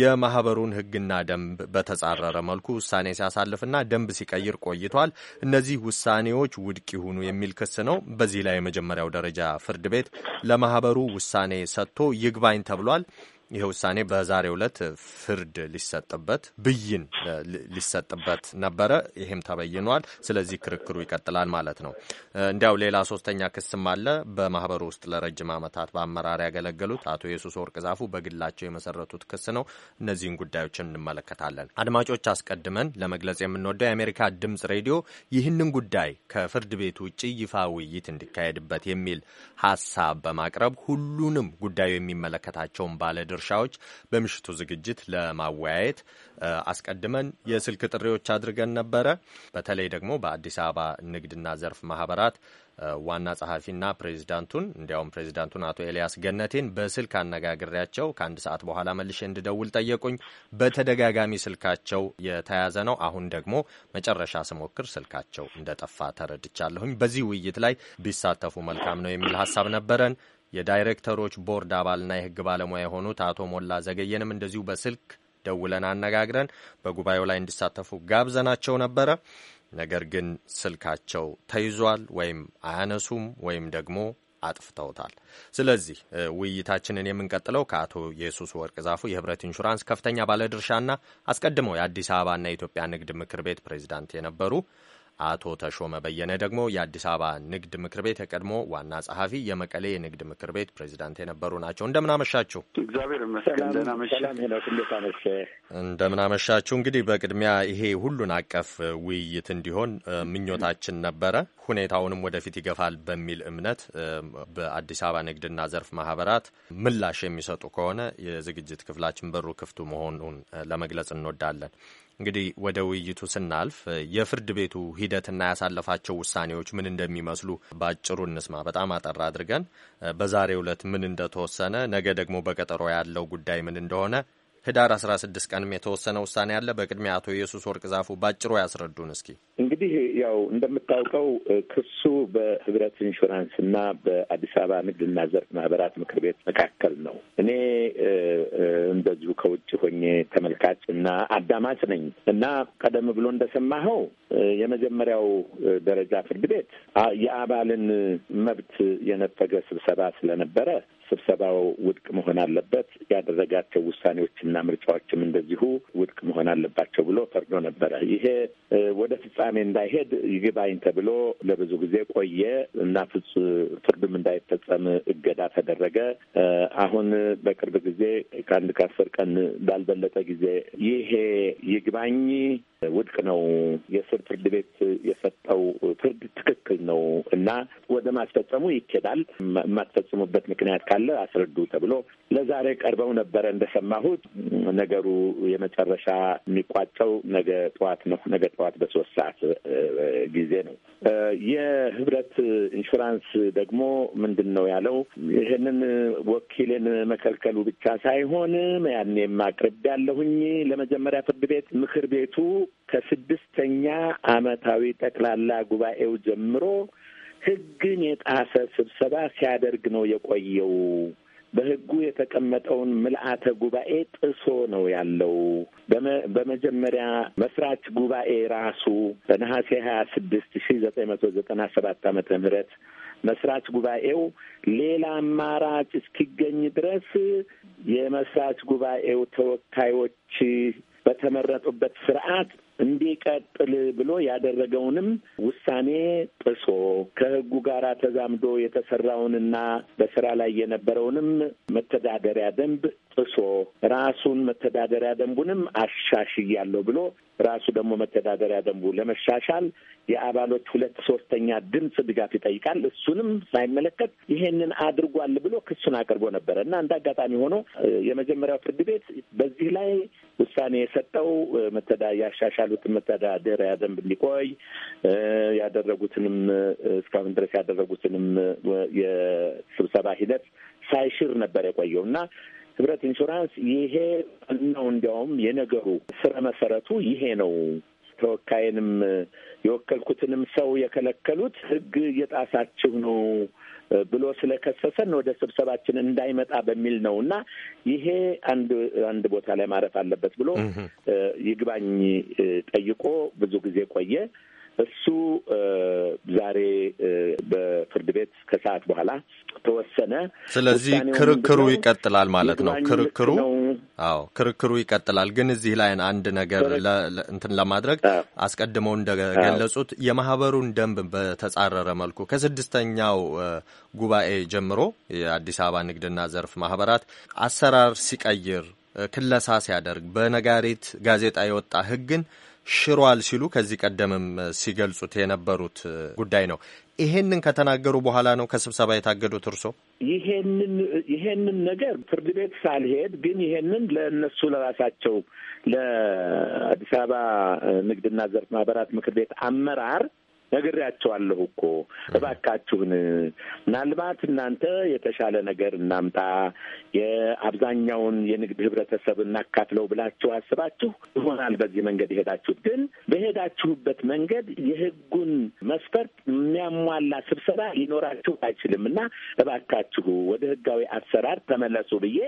የማህበሩን ሕግና ደንብ በተጻረረ መልኩ ውሳኔ ሲያሳልፍና ደንብ ሲቀይር ቆይቷል። እነዚህ ውሳኔዎች ውድቅ ይሁኑ የሚል ክስ ነው። በዚህ ላይ የመጀመሪያው ደረጃ ፍርድ ቤት ለማህበሩ ውሳኔ ሰጥቶ ይግባኝ ተብሏል። ይህ ውሳኔ በዛሬው ዕለት ፍርድ ሊሰጥበት ብይን ሊሰጥበት ነበረ። ይሄም ተበይኗል። ስለዚህ ክርክሩ ይቀጥላል ማለት ነው። እንዲያው ሌላ ሶስተኛ ክስም አለ። በማህበሩ ውስጥ ለረጅም ዓመታት በአመራር ያገለገሉት አቶ የሱስ ወርቅ ዛፉ በግላቸው የመሰረቱት ክስ ነው። እነዚህን ጉዳዮችን እንመለከታለን። አድማጮች፣ አስቀድመን ለመግለጽ የምንወደው የአሜሪካ ድምጽ ሬዲዮ ይህንን ጉዳይ ከፍርድ ቤት ውጭ ይፋ ውይይት እንዲካሄድበት የሚል ሀሳብ በማቅረብ ሁሉንም ጉዳዩ የሚመለከታቸውን ባለድር ድርሻዎች በምሽቱ ዝግጅት ለማወያየት አስቀድመን የስልክ ጥሪዎች አድርገን ነበረ። በተለይ ደግሞ በአዲስ አበባ ንግድና ዘርፍ ማህበራት ዋና ጸሐፊና ፕሬዚዳንቱን እንዲያውም ፕሬዚዳንቱን አቶ ኤልያስ ገነቴን በስልክ አነጋግሬያቸው ከአንድ ሰዓት በኋላ መልሼ እንድደውል ጠየቁኝ። በተደጋጋሚ ስልካቸው የተያዘ ነው። አሁን ደግሞ መጨረሻ ስሞክር ስልካቸው እንደጠፋ ተረድቻለሁኝ። በዚህ ውይይት ላይ ቢሳተፉ መልካም ነው የሚል ሀሳብ ነበረን። የዳይሬክተሮች ቦርድ አባልና የህግ ባለሙያ የሆኑት አቶ ሞላ ዘገየንም እንደዚሁ በስልክ ደውለን አነጋግረን በጉባኤው ላይ እንዲሳተፉ ጋብዘናቸው ነበረ። ነገር ግን ስልካቸው ተይዟል፣ ወይም አያነሱም ወይም ደግሞ አጥፍተውታል። ስለዚህ ውይይታችንን የምንቀጥለው ከአቶ ኢየሱስ ወርቅ ዛፉ የህብረት ኢንሹራንስ ከፍተኛ ባለድርሻና አስቀድመው የአዲስ አበባና የኢትዮጵያ ንግድ ምክር ቤት ፕሬዚዳንት የነበሩ አቶ ተሾመ በየነ ደግሞ የአዲስ አበባ ንግድ ምክር ቤት የቀድሞ ዋና ጸሐፊ፣ የመቀሌ የንግድ ምክር ቤት ፕሬዚዳንት የነበሩ ናቸው። እንደምናመሻችሁ። እግዚአብሔር ይመስገን። እንደምናመሻችሁ። እንግዲህ በቅድሚያ ይሄ ሁሉን አቀፍ ውይይት እንዲሆን ምኞታችን ነበረ። ሁኔታውንም ወደፊት ይገፋል በሚል እምነት በአዲስ አበባ ንግድና ዘርፍ ማህበራት ምላሽ የሚሰጡ ከሆነ የዝግጅት ክፍላችን በሩ ክፍቱ መሆኑን ለመግለጽ እንወዳለን። እንግዲህ ወደ ውይይቱ ስናልፍ የፍርድ ቤቱ ሂደትና ያሳለፋቸው ውሳኔዎች ምን እንደሚመስሉ በአጭሩ እንስማ። በጣም አጠር አድርገን በዛሬው ዕለት ምን እንደተወሰነ፣ ነገ ደግሞ በቀጠሮ ያለው ጉዳይ ምን እንደሆነ ህዳር 16 ቀንም የተወሰነ ውሳኔ አለ። በቅድሚያ አቶ ኢየሱስ ወርቅ ዛፉ ባጭሩ ያስረዱን እስኪ። እንግዲህ ያው እንደምታውቀው ክሱ በህብረት ኢንሹራንስ እና በአዲስ አበባ ንግድና ዘርፍ ማህበራት ምክር ቤት መካከል ነው። እኔ እንደዚሁ ከውጭ ሆኜ ተመልካች እና አዳማጭ ነኝ እና ቀደም ብሎ እንደሰማኸው የመጀመሪያው ደረጃ ፍርድ ቤት የአባልን መብት የነፈገ ስብሰባ ስለነበረ ስብሰባው ውድቅ መሆን አለበት፣ ያደረጋቸው ውሳኔዎችና ምርጫዎችም እንደዚሁ ውድቅ መሆን አለባቸው ብሎ ፈርዶ ነበረ። ይሄ ወደ ፍጻሜ እንዳይሄድ ይግባኝ ተብሎ ለብዙ ጊዜ ቆየ እና ፍርድም እንዳይፈጸም እገዳ ተደረገ። አሁን በቅርብ ጊዜ ከአንድ ከአስር ቀን ባልበለጠ ጊዜ ይሄ ይግባኝ ውድቅ ነው። የስር ፍርድ ቤት የሰጠው ፍርድ ትክክል ነው እና ወደ ማስፈጸሙ ይኬዳል። የማትፈጽሙበት ምክንያት ካለ አስረዱ ተብሎ ለዛሬ ቀርበው ነበረ እንደሰማሁት። ነገሩ የመጨረሻ የሚቋጨው ነገ ጠዋት ነው። ነገ ጠዋት በሶስት ሰዓት ጊዜ ነው። የህብረት ኢንሹራንስ ደግሞ ምንድን ነው ያለው? ይህንን ወኪልን መከልከሉ ብቻ ሳይሆን ያኔም አቅርቤ ያለሁኝ ለመጀመሪያ ፍርድ ቤት ምክር ቤቱ ከስድስተኛ ዓመታዊ ጠቅላላ ጉባኤው ጀምሮ ሕግን የጣሰ ስብሰባ ሲያደርግ ነው የቆየው። በሕጉ የተቀመጠውን ምልአተ ጉባኤ ጥሶ ነው ያለው። በመጀመሪያ መስራች ጉባኤ ራሱ በነሐሴ ሀያ ስድስት ሺ ዘጠኝ መቶ ዘጠና ሰባት ዓመተ ምህረት መስራች ጉባኤው ሌላ አማራጭ እስኪገኝ ድረስ የመስራች ጉባኤው ተወካዮች በተመረጡበት ስርዓት እንዲቀጥል ብሎ ያደረገውንም ውሳኔ ጥሶ ከህጉ ጋር ተዛምዶ የተሰራውንና በስራ ላይ የነበረውንም መተዳደሪያ ደንብ ጥሶ ራሱን መተዳደሪያ ደንቡንም አሻሽያለሁ ብሎ ራሱ ደግሞ መተዳደሪያ ደንቡ ለመሻሻል የአባሎች ሁለት ሶስተኛ ድምፅ ድጋፍ ይጠይቃል። እሱንም ሳይመለከት ይሄንን አድርጓል ብሎ ክሱን አቅርቦ ነበረ እና እንደ አጋጣሚ ሆኖ የመጀመሪያው ፍርድ ቤት በዚህ ላይ ውሳኔ የሰጠው መተዳ ያሻሻሉትን መተዳደሪያ ደንብ እንዲቆይ ያደረጉትንም እስካሁን ድረስ ያደረጉትንም የስብሰባ ሂደት ሳይሽር ነበር የቆየው እና ህብረት ኢንሹራንስ ይሄ ነው። እንዲያውም የነገሩ ስረ መሰረቱ ይሄ ነው። ተወካይንም የወከልኩትንም ሰው የከለከሉት ህግ እየጣሳችሁ ነው ብሎ ስለከሰሰን ወደ ስብሰባችን እንዳይመጣ በሚል ነው እና ይሄ አንድ አንድ ቦታ ላይ ማረፍ አለበት ብሎ ይግባኝ ጠይቆ ብዙ ጊዜ ቆየ። እሱ ዛሬ በፍርድ ቤት ከሰዓት በኋላ ተወሰነ። ስለዚህ ክርክሩ ይቀጥላል ማለት ነው። ክርክሩ አዎ፣ ክርክሩ ይቀጥላል። ግን እዚህ ላይ አንድ ነገር እንትን ለማድረግ አስቀድመው እንደገለጹት የማህበሩን ደንብ በተጻረረ መልኩ ከስድስተኛው ጉባኤ ጀምሮ የአዲስ አበባ ንግድና ዘርፍ ማህበራት አሰራር ሲቀይር፣ ክለሳ ሲያደርግ፣ በነጋሪት ጋዜጣ የወጣ ህግን ሽሯል ሲሉ ከዚህ ቀደምም ሲገልጹት የነበሩት ጉዳይ ነው። ይሄንን ከተናገሩ በኋላ ነው ከስብሰባ የታገዱት እርሶ? ይሄንን ይሄንን ነገር ፍርድ ቤት ሳልሄድ ግን ይሄንን ለእነሱ ለራሳቸው ለአዲስ አበባ ንግድና ዘርፍ ማህበራት ምክር ቤት አመራር ነግሬያቸዋለሁ እኮ እባካችሁን፣ ምናልባት እናንተ የተሻለ ነገር እናምጣ፣ የአብዛኛውን የንግድ ህብረተሰብ እናካፍለው ብላችሁ አስባችሁ ይሆናል በዚህ መንገድ የሄዳችሁ። ግን በሄዳችሁበት መንገድ የህጉን መስፈርት የሚያሟላ ስብሰባ ሊኖራችሁ አይችልም እና እባካችሁ ወደ ህጋዊ አሰራር ተመለሱ ብዬ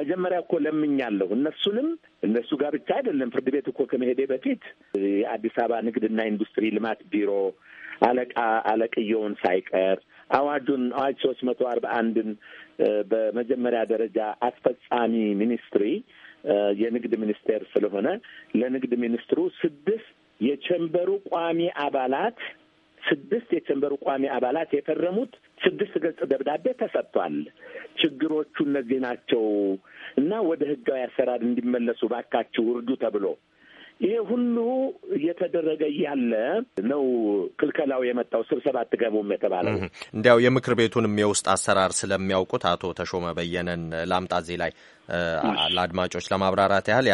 መጀመሪያ እኮ ለምኛለሁ። እነሱንም እነሱ ጋር ብቻ አይደለም፣ ፍርድ ቤት እኮ ከመሄዴ በፊት የአዲስ አበባ ንግድና ኢንዱስትሪ ልማት ቢሮ አለቃ አለቅየውን ሳይቀር አዋጁን አዋጅ ሶስት መቶ አርባ አንድን በመጀመሪያ ደረጃ አስፈጻሚ ሚኒስትሪ የንግድ ሚኒስቴር ስለሆነ ለንግድ ሚኒስትሩ ስድስት የቸንበሩ ቋሚ አባላት ስድስት የቸንበሩ ቋሚ አባላት የፈረሙት ስድስት ገጽ ደብዳቤ ተሰጥቷል። ችግሮቹ እነዚህ ናቸው እና ወደ ህጋዊ አሰራር እንዲመለሱ ባካችሁ ውርዱ ተብሎ ይሄ ሁሉ እየተደረገ እያለ ነው ክልከላው የመጣው። ስብሰባ አትገቡም የተባለ እንዲያው የምክር ቤቱንም የውስጥ አሰራር ስለሚያውቁት አቶ ተሾመ በየነን ላምጣ እዚህ ላይ ለአድማጮች ለማብራራት ያህል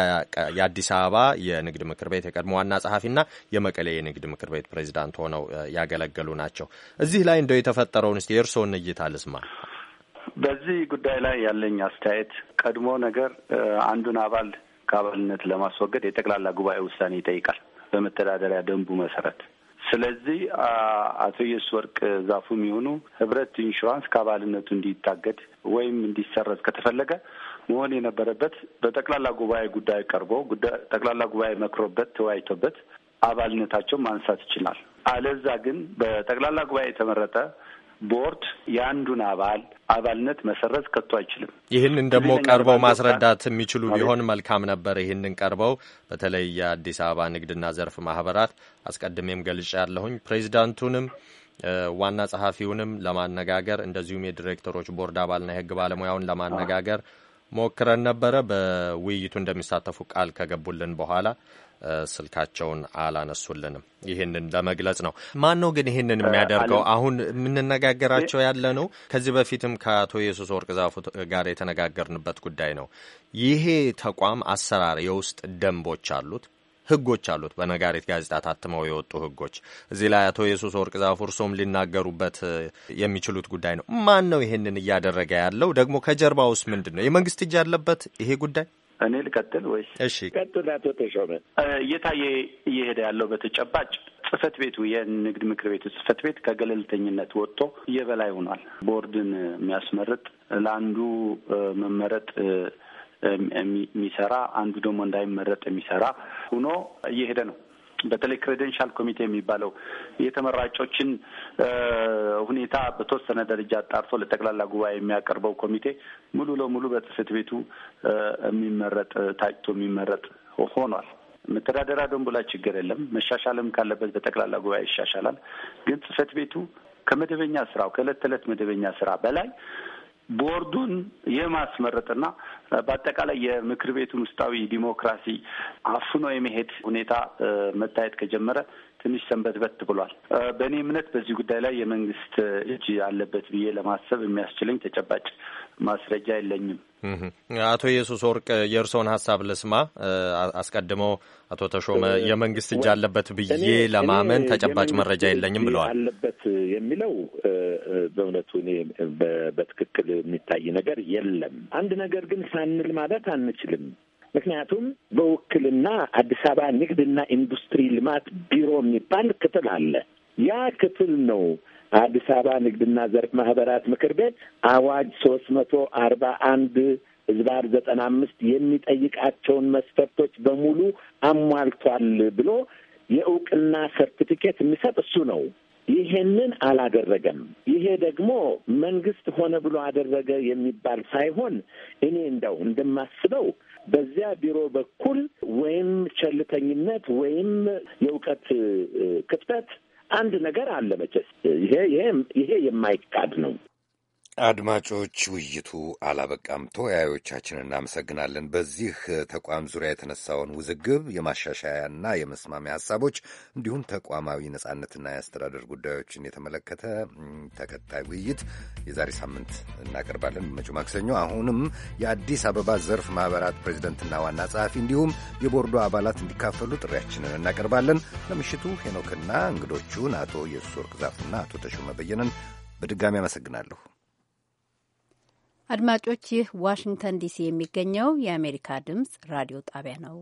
የአዲስ አበባ የንግድ ምክር ቤት የቀድሞ ዋና ጸሐፊና የመቀሌ የንግድ ምክር ቤት ፕሬዚዳንት ሆነው ያገለገሉ ናቸው። እዚህ ላይ እንደው የተፈጠረውን እስኪ የእርስዎን እይታ ልስማ። በዚህ ጉዳይ ላይ ያለኝ አስተያየት ቀድሞ ነገር አንዱን አባል ከአባልነት ለማስወገድ የጠቅላላ ጉባኤ ውሳኔ ይጠይቃል በመተዳደሪያ ደንቡ መሰረት። ስለዚህ አቶ የሱ ወርቅ ዛፉ የሚሆኑ ህብረት ኢንሹራንስ ከአባልነቱ እንዲታገድ ወይም እንዲሰረዝ ከተፈለገ መሆን የነበረበት በጠቅላላ ጉባኤ ጉዳይ ቀርቦ ጠቅላላ ጉባኤ መክሮበት ተወያይቶበት አባልነታቸው ማንሳት ይችላል። አለዛ ግን በጠቅላላ ጉባኤ የተመረጠ ቦርድ የአንዱን አባል አባልነት መሰረዝ ከቶ አይችልም። ይህንን ደግሞ ቀርበው ማስረዳት የሚችሉ ቢሆን መልካም ነበር። ይህንን ቀርበው በተለይ የአዲስ አበባ ንግድና ዘርፍ ማህበራት አስቀድሜም ገልጫ ያለሁኝ ፕሬዚዳንቱንም ዋና ጸሐፊውንም ለማነጋገር እንደዚሁም የዲሬክተሮች ቦርድ አባልና የህግ ባለሙያውን ለማነጋገር ሞክረን ነበረ። በውይይቱ እንደሚሳተፉ ቃል ከገቡልን በኋላ ስልካቸውን አላነሱልንም። ይህንን ለመግለጽ ነው። ማን ነው ግን ይህንን የሚያደርገው? አሁን የምንነጋገራቸው ያለ ነው። ከዚህ በፊትም ከአቶ ኢየሱስ ወርቅ ዛፉ ጋር የተነጋገርንበት ጉዳይ ነው። ይሄ ተቋም አሰራር፣ የውስጥ ደንቦች አሉት፣ ህጎች አሉት። በነጋሪት ጋዜጣ ታትመው የወጡ ህጎች። እዚህ ላይ አቶ ኢየሱስ ወርቅ ዛፉ እርሶም ሊናገሩበት የሚችሉት ጉዳይ ነው። ማን ነው ይህንን እያደረገ ያለው? ደግሞ ከጀርባ ውስጥ ምንድን ነው? የመንግስት እጅ ያለበት ይሄ ጉዳይ እኔ ልቀጥል ወይስ? እሺ ቀጥል። አቶ ተሾመ እየታየ እየሄደ ያለው በተጨባጭ ጽህፈት ቤቱ የንግድ ምክር ቤቱ ጽህፈት ቤት ከገለልተኝነት ወጥቶ የበላይ ሆኗል። ቦርድን የሚያስመርጥ ለአንዱ መመረጥ የሚሰራ አንዱ ደግሞ እንዳይመረጥ የሚሰራ ሆኖ እየሄደ ነው። በተለይ ክሬደንሻል ኮሚቴ የሚባለው የተመራጮችን ሁኔታ በተወሰነ ደረጃ አጣርቶ ለጠቅላላ ጉባኤ የሚያቀርበው ኮሚቴ ሙሉ ለሙሉ በጽህፈት ቤቱ የሚመረጥ ታጭቶ የሚመረጥ ሆኗል። መተዳደሪያ ደንቡ ላይ ችግር የለም። መሻሻልም ካለበት በጠቅላላ ጉባኤ ይሻሻላል። ግን ጽህፈት ቤቱ ከመደበኛ ስራው ከእለት ተዕለት መደበኛ ስራ በላይ ቦርዱን የማስመረጥና በአጠቃላይ የምክር ቤቱን ውስጣዊ ዲሞክራሲ አፍኖ የመሄድ ሁኔታ መታየት ከጀመረ ትንሽ ሰንበት በት ብሏል። በእኔ እምነት በዚህ ጉዳይ ላይ የመንግስት እጅ አለበት ብዬ ለማሰብ የሚያስችለኝ ተጨባጭ ማስረጃ የለኝም። አቶ ኢየሱስ ወርቅ የእርስዎን ሀሳብ ልስማ። አስቀድሞ አቶ ተሾመ የመንግስት እጅ አለበት ብዬ ለማመን ተጨባጭ መረጃ የለኝም ብለዋል። አለበት የሚለው በእውነቱ እኔ በትክክል የሚታይ ነገር የለም። አንድ ነገር ግን ሳንል ማለት አንችልም። ምክንያቱም በውክልና አዲስ አበባ ንግድና ኢንዱስትሪ ልማት ቢሮ የሚባል ክፍል አለ። ያ ክፍል ነው አዲስ አበባ ንግድና ዘርፍ ማህበራት ምክር ቤት አዋጅ ሶስት መቶ አርባ አንድ ህዝባር ዘጠና አምስት የሚጠይቃቸውን መስፈርቶች በሙሉ አሟልቷል ብሎ የእውቅና ሰርቲፊኬት የሚሰጥ እሱ ነው። ይሄንን አላደረገም። ይሄ ደግሞ መንግስት ሆነ ብሎ አደረገ የሚባል ሳይሆን እኔ እንደው እንደማስበው በዚያ ቢሮ በኩል ወይም ቸልተኝነት ወይም የእውቀት ክፍተት አንድ ነገር አለ መቼስ ይሄ ይሄ የማይካድ ነው። አድማጮች ውይይቱ አላበቃም። ተወያዮቻችን እናመሰግናለን። በዚህ ተቋም ዙሪያ የተነሳውን ውዝግብ፣ የማሻሻያና የመስማሚያ ሀሳቦች እንዲሁም ተቋማዊ ነጻነትና የአስተዳደር ጉዳዮችን የተመለከተ ተከታይ ውይይት የዛሬ ሳምንት እናቀርባለን በመጪው ማክሰኞ። አሁንም የአዲስ አበባ ዘርፍ ማህበራት ፕሬዚደንትና ዋና ጸሐፊ እንዲሁም የቦርዶ አባላት እንዲካፈሉ ጥሪያችንን እናቀርባለን። ለምሽቱ ሄኖክና እንግዶቹን አቶ የሱስ ወርቅ ዛፉና አቶ ተሾመ በየነን በድጋሚ አመሰግናለሁ። አድማጮች፣ ይህ ዋሽንግተን ዲሲ የሚገኘው የአሜሪካ ድምፅ ራዲዮ ጣቢያ ነው።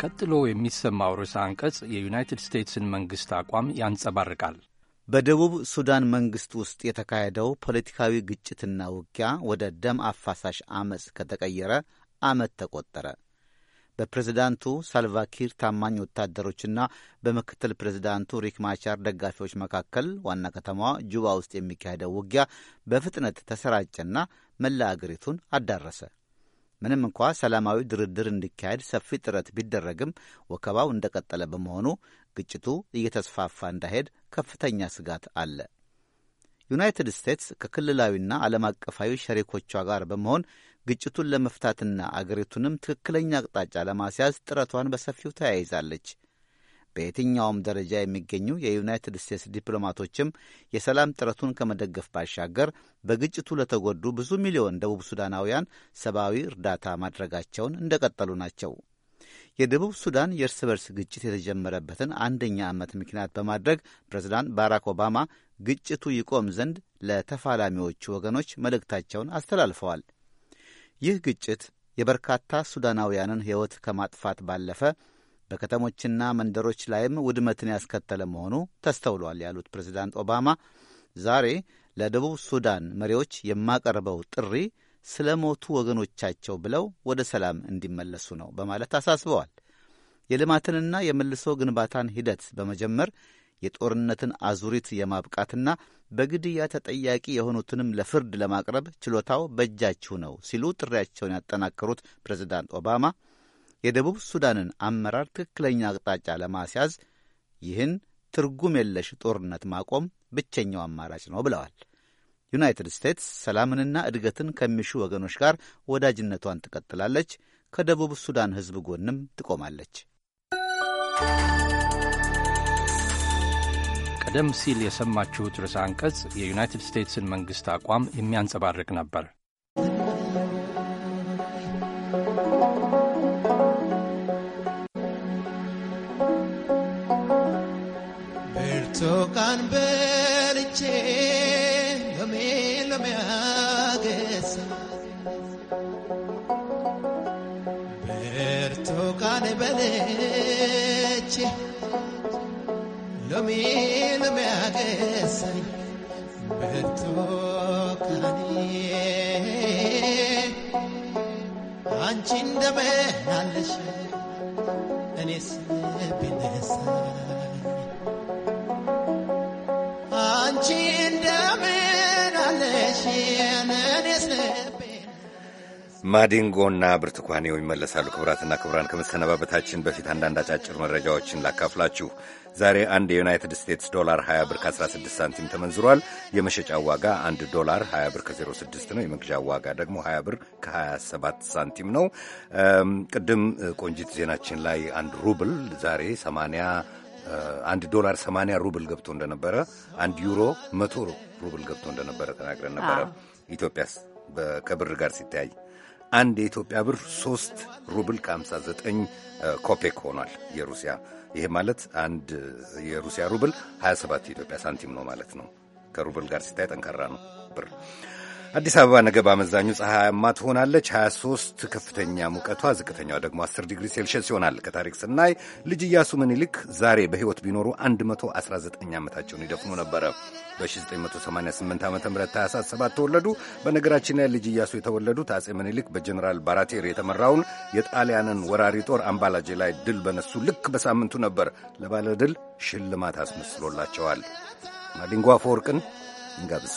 ቀጥሎ የሚሰማው ርዕሰ አንቀጽ የዩናይትድ ስቴትስን መንግሥት አቋም ያንጸባርቃል። በደቡብ ሱዳን መንግሥት ውስጥ የተካሄደው ፖለቲካዊ ግጭትና ውጊያ ወደ ደም አፋሳሽ አመፅ ከተቀየረ ዓመት ተቆጠረ። በፕሬዝዳንቱ ሳልቫኪር ታማኝ ወታደሮችና በምክትል ፕሬዝዳንቱ ሪክ ማቻር ደጋፊዎች መካከል ዋና ከተማዋ ጁባ ውስጥ የሚካሄደው ውጊያ በፍጥነት ተሰራጨና መላ አገሪቱን አዳረሰ። ምንም እንኳ ሰላማዊ ድርድር እንዲካሄድ ሰፊ ጥረት ቢደረግም ወከባው እንደቀጠለ በመሆኑ ግጭቱ እየተስፋፋ እንዳይሄድ ከፍተኛ ስጋት አለ። ዩናይትድ ስቴትስ ከክልላዊና ዓለም አቀፋዊ ሸሪኮቿ ጋር በመሆን ግጭቱን ለመፍታትና አገሪቱንም ትክክለኛ አቅጣጫ ለማስያዝ ጥረቷን በሰፊው ተያይዛለች። በየትኛውም ደረጃ የሚገኙ የዩናይትድ ስቴትስ ዲፕሎማቶችም የሰላም ጥረቱን ከመደገፍ ባሻገር በግጭቱ ለተጎዱ ብዙ ሚሊዮን ደቡብ ሱዳናውያን ሰብአዊ እርዳታ ማድረጋቸውን እንደቀጠሉ ናቸው። የደቡብ ሱዳን የእርስ በርስ ግጭት የተጀመረበትን አንደኛ ዓመት ምክንያት በማድረግ ፕሬዝዳንት ባራክ ኦባማ ግጭቱ ይቆም ዘንድ ለተፋላሚዎቹ ወገኖች መልእክታቸውን አስተላልፈዋል። ይህ ግጭት የበርካታ ሱዳናውያንን ሕይወት ከማጥፋት ባለፈ በከተሞችና መንደሮች ላይም ውድመትን ያስከተለ መሆኑ ተስተውሏል ያሉት ፕሬዚዳንት ኦባማ ዛሬ ለደቡብ ሱዳን መሪዎች የማቀርበው ጥሪ ስለ ሞቱ ወገኖቻቸው ብለው ወደ ሰላም እንዲመለሱ ነው በማለት አሳስበዋል። የልማትንና የመልሶ ግንባታን ሂደት በመጀመር የጦርነትን አዙሪት የማብቃትና በግድያ ተጠያቂ የሆኑትንም ለፍርድ ለማቅረብ ችሎታው በእጃችሁ ነው ሲሉ ጥሪያቸውን ያጠናከሩት ፕሬዚዳንት ኦባማ የደቡብ ሱዳንን አመራር ትክክለኛ አቅጣጫ ለማስያዝ ይህን ትርጉም የለሽ ጦርነት ማቆም ብቸኛው አማራጭ ነው ብለዋል። ዩናይትድ ስቴትስ ሰላምንና እድገትን ከሚሹ ወገኖች ጋር ወዳጅነቷን ትቀጥላለች፣ ከደቡብ ሱዳን ሕዝብ ጎንም ትቆማለች። ቀደም ሲል የሰማችሁት ርዕሰ አንቀጽ የዩናይትድ ስቴትስን መንግሥት አቋም የሚያንጸባርቅ ነበር። ብርቱካን በልቼ ለምለም ብርቱካን ማዲንጎና ብርቱካኔው ይመለሳሉ። ክቡራትና ክቡራን ከመሰነባበታችን በፊት አንዳንድ አጫጭር መረጃዎችን ላካፍላችሁ። ዛሬ አንድ የዩናይትድ ስቴትስ ዶላር 20 ብር ከ16 ሳንቲም ተመንዝሯል። የመሸጫው ዋጋ 1 ዶላር 20 ብር ከ06 ነው። የመግዣው ዋጋ ደግሞ 20 ብር ከ27 ሳንቲም ነው። ቅድም ቆንጂት ዜናችን ላይ አንድ ሩብል ዛሬ 80 አንድ ዶላር 80 ሩብል ገብቶ እንደነበረ አንድ ዩሮ 100 ሩብል ገብቶ እንደነበረ ተናግረን ነበረ። ኢትዮጵያ ከብር ጋር ሲታይ አንድ የኢትዮጵያ ብር 3 ሩብል ከ59 ኮፔክ ሆኗል የሩሲያ ይሄ ማለት አንድ የሩሲያ ሩብል 27 የኢትዮጵያ ሳንቲም ነው ማለት ነው። ከሩብል ጋር ሲታይ ጠንካራ ነው ብር አዲስ አበባ ነገ በአመዛኙ ፀሐያማ ትሆናለች። 23 ከፍተኛ ሙቀቷ፣ ዝቅተኛዋ ደግሞ 10 ዲግሪ ሴልሽስ ይሆናል። ከታሪክ ስናይ ልጅ ኢያሱ ምኒልክ ዛሬ በሕይወት ቢኖሩ 119 ዓመታቸውን ይደፍኑ ነበረ። በ1988 ዓ ም ታህሳስ 7 ተወለዱ። በነገራችን ላይ ልጅ ኢያሱ የተወለዱት አጼ ምኒልክ በጀኔራል ባራቴር የተመራውን የጣሊያንን ወራሪ ጦር አምባላጄ ላይ ድል በነሱ ልክ በሳምንቱ ነበር። ለባለ ድል ሽልማት አስመስሎላቸዋል። ማዲንጎ አፈወርቅን እንጋብዝ።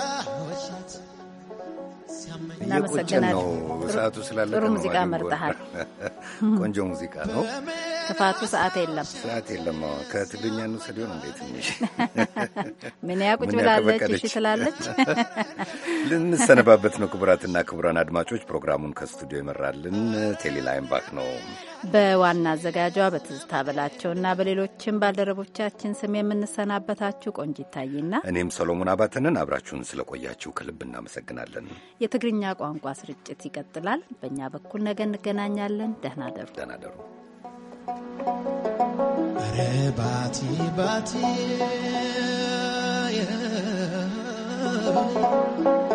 እናመሰግናለን። ጥሩ ሙዚቃ መርጠሃል። ቆንጆ ሙዚቃ ነው። ክፋቱ ሰዓት የለም ሰዓት የለም። ከትግርኛ እንውሰደው ነው እንዴት ሚሽ ምን ያቁጭ ብላለች። እሺ ትላለች። ልንሰነባበት ነው። ክቡራትና ክቡራን አድማጮች ፕሮግራሙን ከስቱዲዮ ይመራልን ባክ ነው። በዋና አዘጋጇ በትዝታ በላቸውና በሌሎችም ባልደረቦቻችን ስም የምንሰናበታችሁ ቆንጅ ይታይና እኔም ሰሎሞን አባተንን አብራችሁን ስለቆያችሁ ከልብ እናመሰግናለን። የትግርኛ ቋንቋ ስርጭት ይቀጥላል። በእኛ በኩል ነገ እንገናኛለን። ደህና ደሩ። ደህና ደሩ። Rebati bati, yeah.